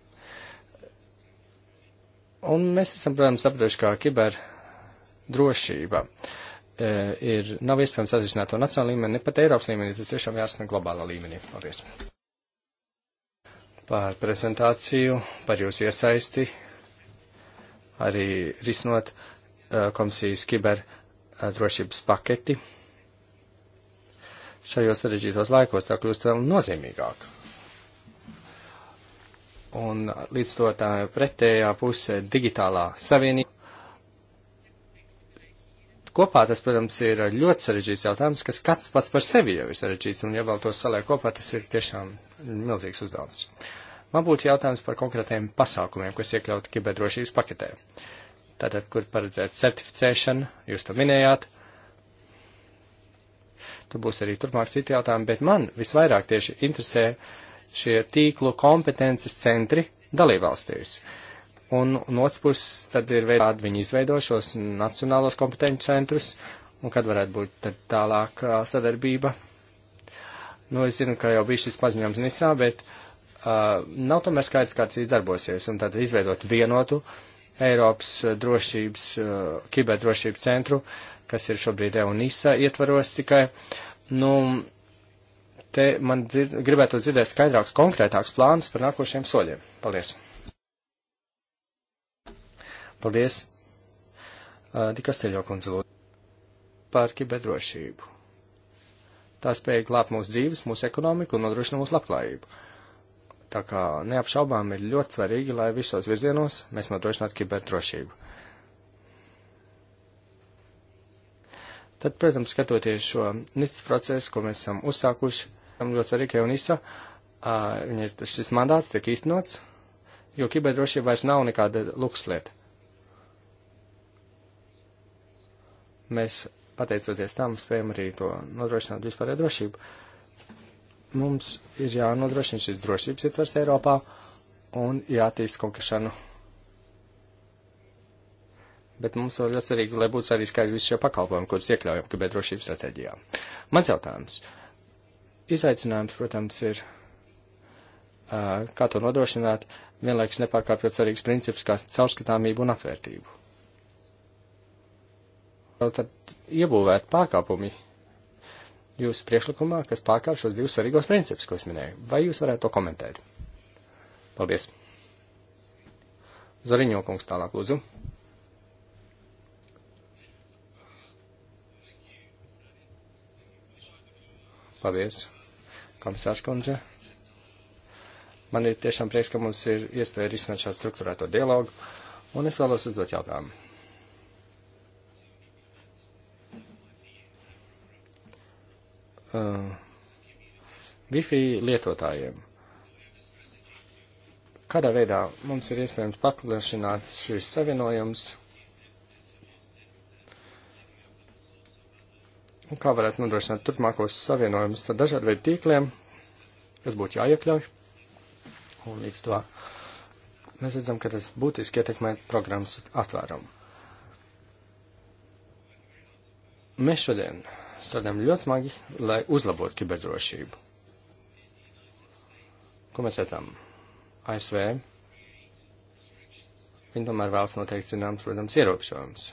Un mēs esam, protams, sapratuši, ka kiberdrošība e, ir, nav iespējams atrisināt to nacionālā līmenī, ne pat Eiropas līmenī, tas tiešām jāsasniedz globālā līmenī. Paldies! Par prezentāciju, par jūsu iesaisti arī risinot uh, komisijas kiberdrošības uh, paketi. Šajos sarežģītos laikos tā kļūst vēl nozīmīgāk. Un līdz to tā pretējā puse digitālā savienība. Kopā tas, protams, ir ļoti sarežģīts jautājums, kas kāds pats par sevi jau ir sarežģīts, un ja vēl to saliek kopā, tas ir tiešām milzīgs uzdevums. Uh, Man būtu jautājums par konkrētiem pasākumiem, kas iekļauti kiberdrošības paketē. Tātad, kur paredzēt certificēšanu, jūs to minējāt. Tur būs arī turpmāk citi jautājumi, bet man visvairāk tieši interesē šie tīklu kompetences centri dalībvalstīs. Un no otras puses, tad ir veidā, kādi viņi izveido šos nacionālos kompetenci centrus, un kad varētu būt tālākā sadarbība. Nu, es zinu, ka jau bija šis paziņojums Nicā, bet uh, Uh, nav tomēr skaidrs, kā tas izdarbosies, un tad izveidot vienotu Eiropas drošības, uh, kiberdrošības centru, kas ir šobrīd EUNISA ietvaros tikai. Nu, te man dzird, gribētu dzirdēt skaidrāks, konkrētāks plāns par nākošiem soļiem. Paldies! Paldies! Uh, Dikasteļo kundze lūdzu par kiberdrošību. Tā spēja glābt mūsu dzīves, mūsu ekonomiku un nodrošina mūsu labklājību. Uh, Tā kā neapšaubām ir ļoti svarīgi, lai visos virzienos mēs nodrošinātu kiberdrošību. Tad, protams, skatoties šo NICS procesu, ko mēs esam uzsākuši, ļoti svarīgi, ka UNISA, uh, šis mandāts tiek īstenots, jo kiberdrošība vairs nav nekāda lukslieta. Mēs, pateicoties tam, spējam arī to nodrošināt vispārējo drošību. Uh, mums ir jānodrošina šis drošības ietvers Eiropā un jātīst kokešanu. Bet mums vēl ļoti svarīgi, lai būtu arī skaidrs visi šie pakalpojumi, kurus iekļaujam kiberdrošības stratēģijā. Mans jautājums. Izaicinājums, protams, ir, uh, kā to nodrošināt, vienlaikus nepārkāpjot svarīgs princips kā caurskatāmību un atvērtību. Vēl tad iebūvēt pārkāpumi jūsu priekšlikumā, kas pārkāp šos divus svarīgos principus, ko es minēju. Vai jūs varētu to komentēt? Paldies. Zariņo kungs tālāk lūdzu. Paldies, komisārs kundze. Man ir tiešām prieks, ka mums ir iespēja risināt šādu struktūrēto dialogu, un es vēlos uzdot jautājumu. uh, Wi-Fi lietotājiem. Kādā veidā mums ir iespējams paplašināt šīs savienojums? Un kā varētu nodrošināt turpmākos savienojumus ar dažādu veidu tīkliem, kas būtu jāiekļauj? Un līdz to mēs redzam, ka tas būtiski ietekmē programmas atvērumu. Mēs šodien strādājam ļoti smagi, lai uzlabotu kiberdrošību. Ko mēs redzam? ASV. Viņi tomēr vēlas noteikt zināms, protams, ierobežojums.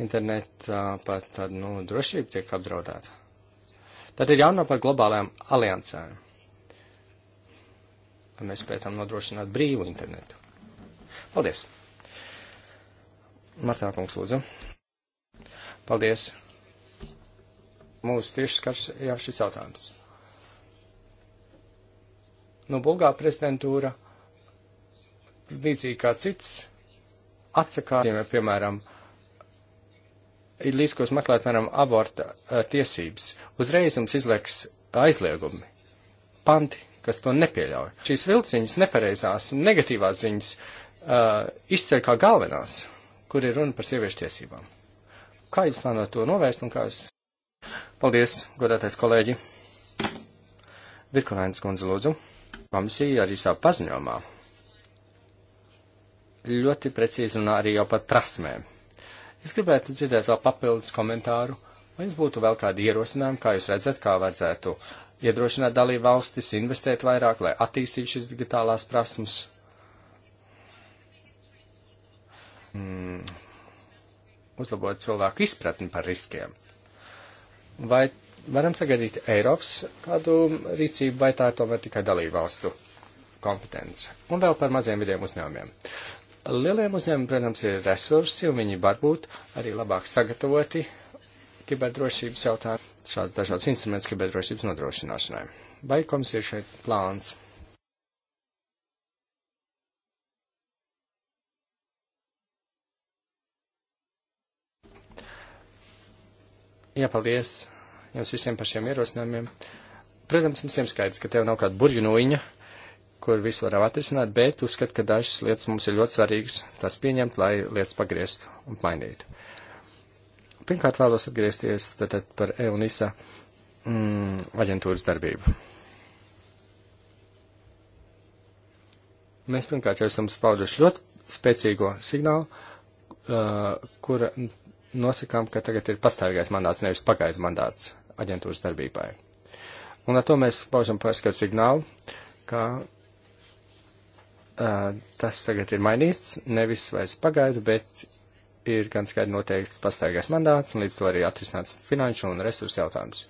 Internetā pat tad, nu, drošība tiek apdraudēta. Tad ir jānāk par globālajām aliansēm. Mēs spētam nodrošināt brīvu internetu. Paldies! Martā kungs, lūdzu. Paldies. Mūs tieši skars jau šis jautājums. Nu, Bulgā prezidentūra, līdzīgi kā cits, atsakās, piemēram, ir līdz, ko meklēt, piemēram, aborta eh, tiesības. Uzreiz jums izlieks aizliegumi, panti, kas to nepieļauj. Šīs vilciņas, nepareizās un negatīvās ziņas uh, izceļ kā galvenās kur ir runa par sieviešu tiesībām. Kā jūs plānojat to novērst un kā jūs? Paldies, godātais kolēģi! Virkunainas kundze lūdzu. Komisija arī savā paziņojumā ļoti precīzi runā arī jau par prasmēm. Es gribētu dzirdēt vēl papildus komentāru, vai jums būtu vēl kādi ierosinājumi, kā jūs redzat, kā vajadzētu iedrošināt dalību valstis investēt vairāk, lai attīstītu šīs digitālās prasmes mm, uzlabot cilvēku izpratni par riskiem. Vai varam sagaidīt Eiropas kādu rīcību, vai tā ir tomēr tikai dalībvalstu kompetence? Un vēl par maziem vidiem uzņēmumiem. Lieliem uzņēmumiem, protams, ir resursi, un viņi varbūt arī labāk sagatavoti kiberdrošības jautājumu, šāds dažāds instruments kiberdrošības nodrošināšanai. Vai komisija šeit plāns? Iepaldies jums visiem par šiem ierosinājumiem. Protams, mums visiem skaidrs, ka tev nav kāda burju noiņa, kur visu varam atrisināt, bet uzskat, ka dažas lietas mums ir ļoti svarīgas tās pieņemt, lai lietas pagrieztu un mainītu. Pirmkārt vēlos atgriezties tātad par EUNISA mm, aģentūras darbību. Mēs pirmkārt jau esam spauduši ļoti spēcīgo signālu, uh, kura nosakām, ka tagad ir pastāvīgais mandāts, nevis pagaidu mandāts aģentūras darbībai. Un ar to mēs paužam paskatu signālu, ka uh, tas tagad ir mainīts, nevis vairs pagaidu, bet ir gan skaidri noteikts pastāvīgais mandāts, un līdz to arī atrisināts finanšu un resursu jautājums.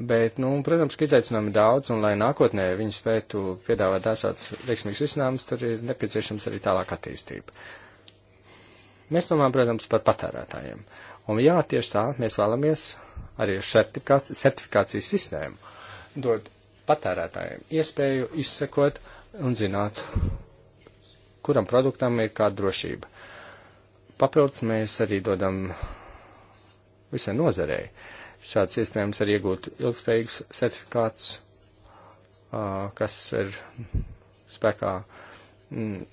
Bet, nu, protams, ka izaicinājumi daudz, un lai nākotnē viņi spētu piedāvāt dažādas veiksmīgas risinājumus, tad ir nepieciešams arī tālāk attīstība. Uh, Mēs domājam, protams, par patērētājiem. Un jā, tieši tā mēs vēlamies arī certifikācijas sistēmu dot patērētājiem iespēju izsekot un zināt, kuram produktam ir kāda drošība. Papildus mēs arī dodam visai nozarei. Šāds iespējams arī iegūt ilgspējīgs certifikāts, kas ir spēkā mm,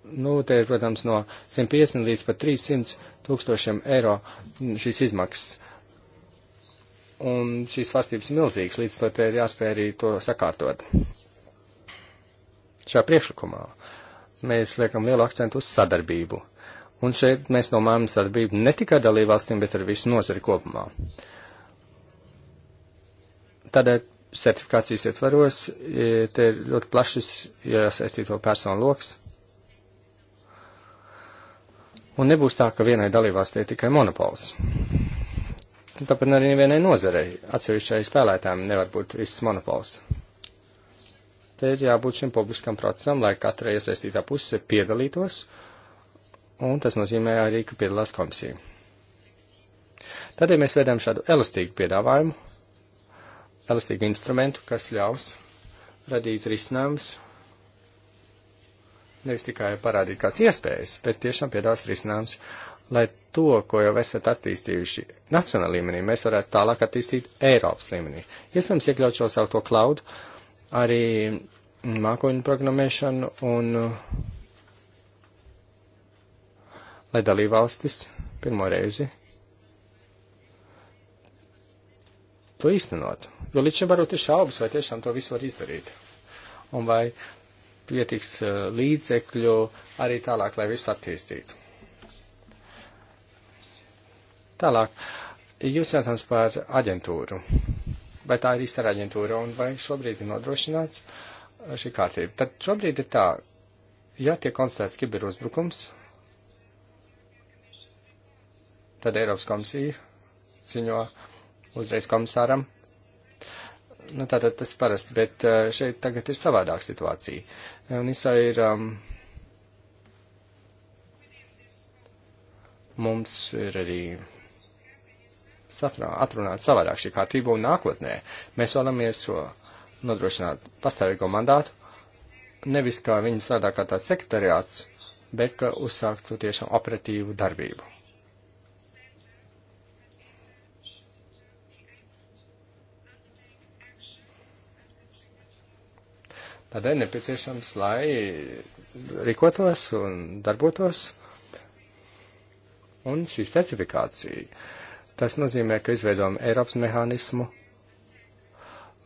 nu, te ir, protams, no 150 līdz pat 300 tūkstošiem eiro šīs izmaksas. Un šīs svārstības ir milzīgas, līdz to te ir jāspēj arī to sakārtot. Šajā priekšlikumā mēs liekam lielu akcentu uz sadarbību. Un šeit mēs domājam sadarbību ne tikai dalībvalstīm, bet ar visu nozari kopumā. Tādēļ certifikācijas ietvaros, e, te ir ļoti plašs iesaistīto personu lokus, Un nebūs tā, ka vienai dalībvalstī ir tikai monopols. Un tāpēc arī nevienai nozarei atsevišķai spēlētājiem nevar būt viss monopols. Te ir jābūt šim publiskam procesam, lai katra iesaistītā puse piedalītos, un tas nozīmē arī, ka piedalās komisija. Tad, ja mēs veidām šādu elastīgu piedāvājumu, elastīgu instrumentu, kas ļaus radīt risinājumus Nevis tikai parādīt kāds iespējas, bet tiešām piedāvās risinājums, lai to, ko jau esat attīstījuši nacionāla līmenī, mēs varētu tālāk attīstīt Eiropas līmenī. Iespējams, iekļaut šo savu to cloud, arī mākoņu programmēšanu un lai dalībvalstis pirmo reizi to īstenot. Jo līdz šim varbūt ir šaubas, vai tiešām to visu var izdarīt. Un vai pietiks eh, līdzekļu arī tālāk, lai visu attīstītu. Tālāk, jūs jautājums par aģentūru. Vai tā ir īsta aģentūra un vai šobrīd ir nodrošināts eh, šī kārtība? Tad šobrīd ir tā, ja tiek konstatēts kiberuzbrukums, tad Eiropas komisija ziņo uzreiz komisāram Nu, tātad tas parasti, bet šeit tagad ir savādāk situācija. Un ISA ir. Um, mums ir arī satrā, atrunāt savādāk šī kārtība un nākotnē. Mēs vēlamies šo nodrošināt pastāvīgo mandātu, nevis kā viņi strādā kā tāds sekretariāts, bet ka uzsāktu tiešām operatīvu darbību. Tādēļ nepieciešams, lai rīkotos un darbotos. Un šī certifikācija. Tas nozīmē, ka izveidojam Eiropas mehānismu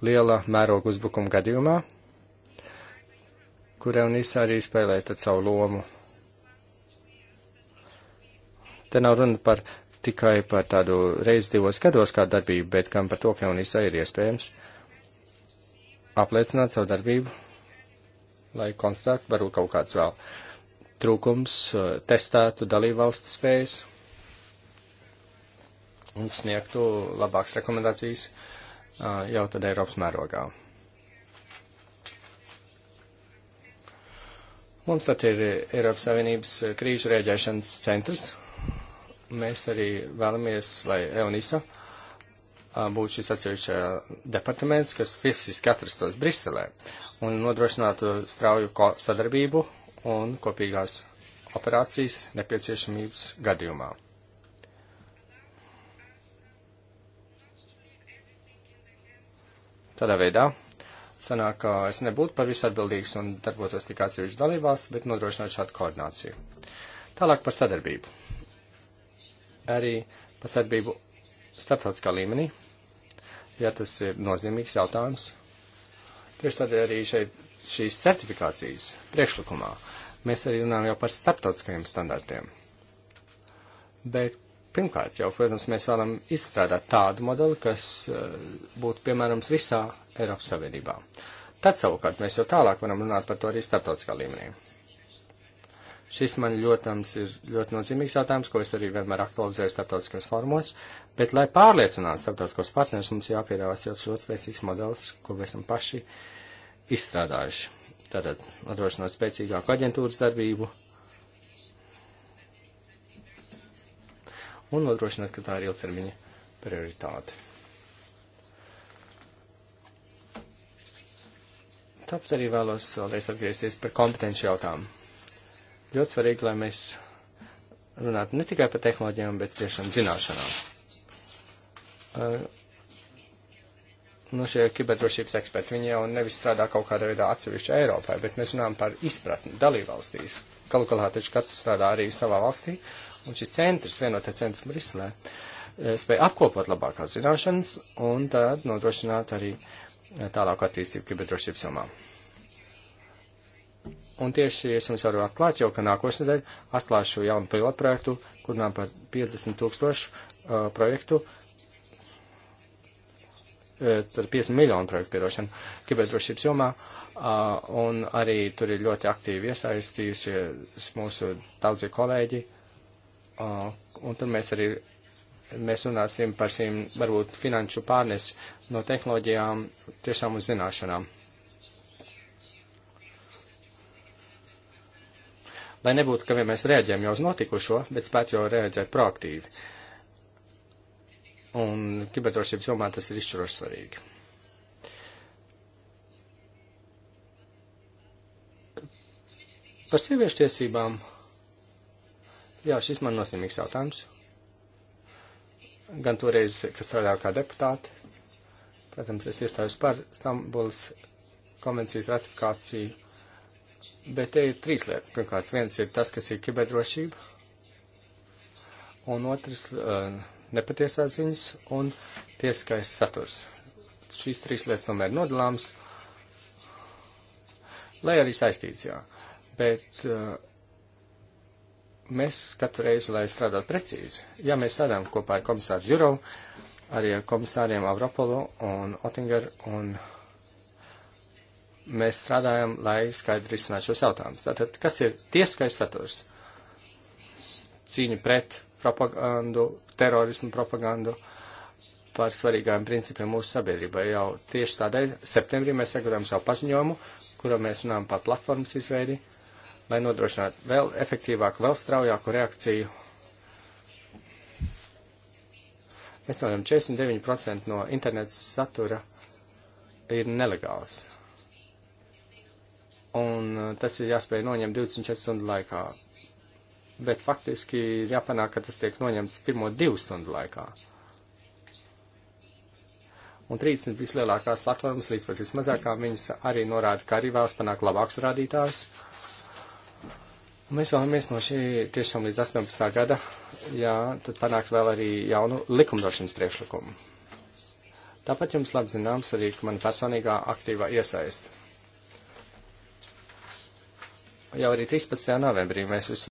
liela mēroga uzbrukuma gadījumā, kurē un īsā arī spēlē tad savu lomu. Te nav runa par tikai par tādu reizi divos gados kā darbību, bet gan par to, ka un īsā ir iespējams apliecināt savu darbību lai konstatētu, varbūt kaut kāds vēl trūkums, testētu dalībvalstu spējas un sniegtu labākas rekomendācijas jau tad Eiropas mērogā. Mums tad ir Eiropas Savienības krīžu rēģēšanas centrs. Mēs arī vēlamies, lai EONISA būtu šis atsevišķa departaments, kas fiziski atrastos Briselē. Uh, un nodrošinātu strauju sadarbību un kopīgās operācijas nepieciešamības gadījumā. Tādā veidā sanāk, ka es nebūtu par visu atbildīgs un darbotos tikai atsevišķi dalībās, bet nodrošināt šādu koordināciju. Tālāk par sadarbību. Arī par sadarbību starptautiskā līmenī, ja tas ir nozīmīgs jautājums, Tieši tādēļ arī šeit šīs certifikācijas priekšlikumā mēs arī runājam jau par starptautiskajiem standartiem. Bet pirmkārt jau, protams, mēs vēlam izstrādāt tādu modeli, kas uh, būtu piemērams visā Eiropas Savienībā. Tad savukārt mēs jau tālāk varam runāt par to arī starptautiskā līmenī. Šis man ļotams ir ļoti nozīmīgs jautājums, ko es arī vienmēr aktualizēju starptautiskos formos, bet, lai pārliecinātu starptautiskos partnerus, mums jāpiedāvās jau ļoti spēcīgs modelis, ko mēs esam paši uh, izstrādājuši. Tātad nodrošinot spēcīgāku aģentūras darbību un nodrošināt, ka tā ir ilgtermiņa prioritāte. Tāpat arī vēlos vēlreiz atgriezties par kompetenci jautājumu. Ļoti svarīgi, lai mēs runātu ne tikai par tehnoloģijām, bet tiešām zināšanām. Uh, nu, šie kiberdrošības eksperti, viņi jau nevis strādā kaut kādā veidā atsevišķi Eiropai, bet mēs runājam par izpratni dalībvalstīs. Galu galā taču katrs strādā arī savā valstī, un šis centrs, vienotais centrs Briselē, eh, spēja apkopot labākās zināšanas un tad nodrošināt arī eh, tālāku attīstību kiberdrošības jomā. Un tieši es jums varu atklāt jau, ka nākošnedēļ atklāšu jaunu pilotprojektu, kur nām par 50 tūkstošu uh, projektu uh, 50 eh, miljonu projektu piedošanu kiberdrošības jomā, un arī tur ir ļoti aktīvi iesaistījušies mūsu daudzie kolēģi, un tur mēs arī mēs runāsim par šīm varbūt finanšu pārnes no tehnoloģijām tiešām uz zināšanām. Lai nebūtu, ka vien mēs rēģējam jau uz notikušo, bet spētu jau rēģēt proaktīvi. Uh, Un kiberdrošības jomā tas ir izšķiroši svarīgi. Par sieviešu tiesībām. Jā, šis man nozīmīgs jautājums. Gan toreiz, kad strādāju kā deputāti, protams, es iestājos par Stambulas konvencijas ratifikāciju, bet te ir trīs lietas. Pirmkārt, viens ir tas, kas ir kiberdrošība, un otrs. Uh, nepatiesās ziņas un tiesiskais saturs. Šīs trīs lietas tomēr nodalāms, lai arī saistīts, jā. Bet uh, mēs katru reizi, lai strādātu precīzi, ja mēs strādājam kopā ar komisāru Jurovu, arī ar komisāriem Avropolu un Otingeru un mēs strādājam, lai skaidri risinātu šos jautājumus. Tātad, kas ir tieskais saturs? Cīņa pret propagandu, terorismu propagandu, par svarīgām principiem mūsu sabiedrībai. Jau tieši tādēļ septembrī mēs sagatavojam savu paziņojumu, kurā mēs runājam par platformas izveidi, lai nodrošinātu vēl efektīvāku, vēl straujāku reakciju. Mēs redzam, 49% no interneta satura ir nelegāls. Un eh, tas ir jāspēj noņemt 24 stundu laikā bet faktiski ir jāpanāk, ka tas tiek noņemts pirmo divu stundu laikā. Un 30 vislielākās platformas līdz pat vismazākām viņas arī norāda, ka arī vēlas panākt labākus rādītājus. Un mēs vēlamies no šī tiešām līdz 18. gada, jā, tad panākt vēl arī jaunu likumdošanas priekšlikumu. Tāpat jums labi zināms arī, ka man personīgā aktīvā iesaista. Jau arī 13. novembrī mēs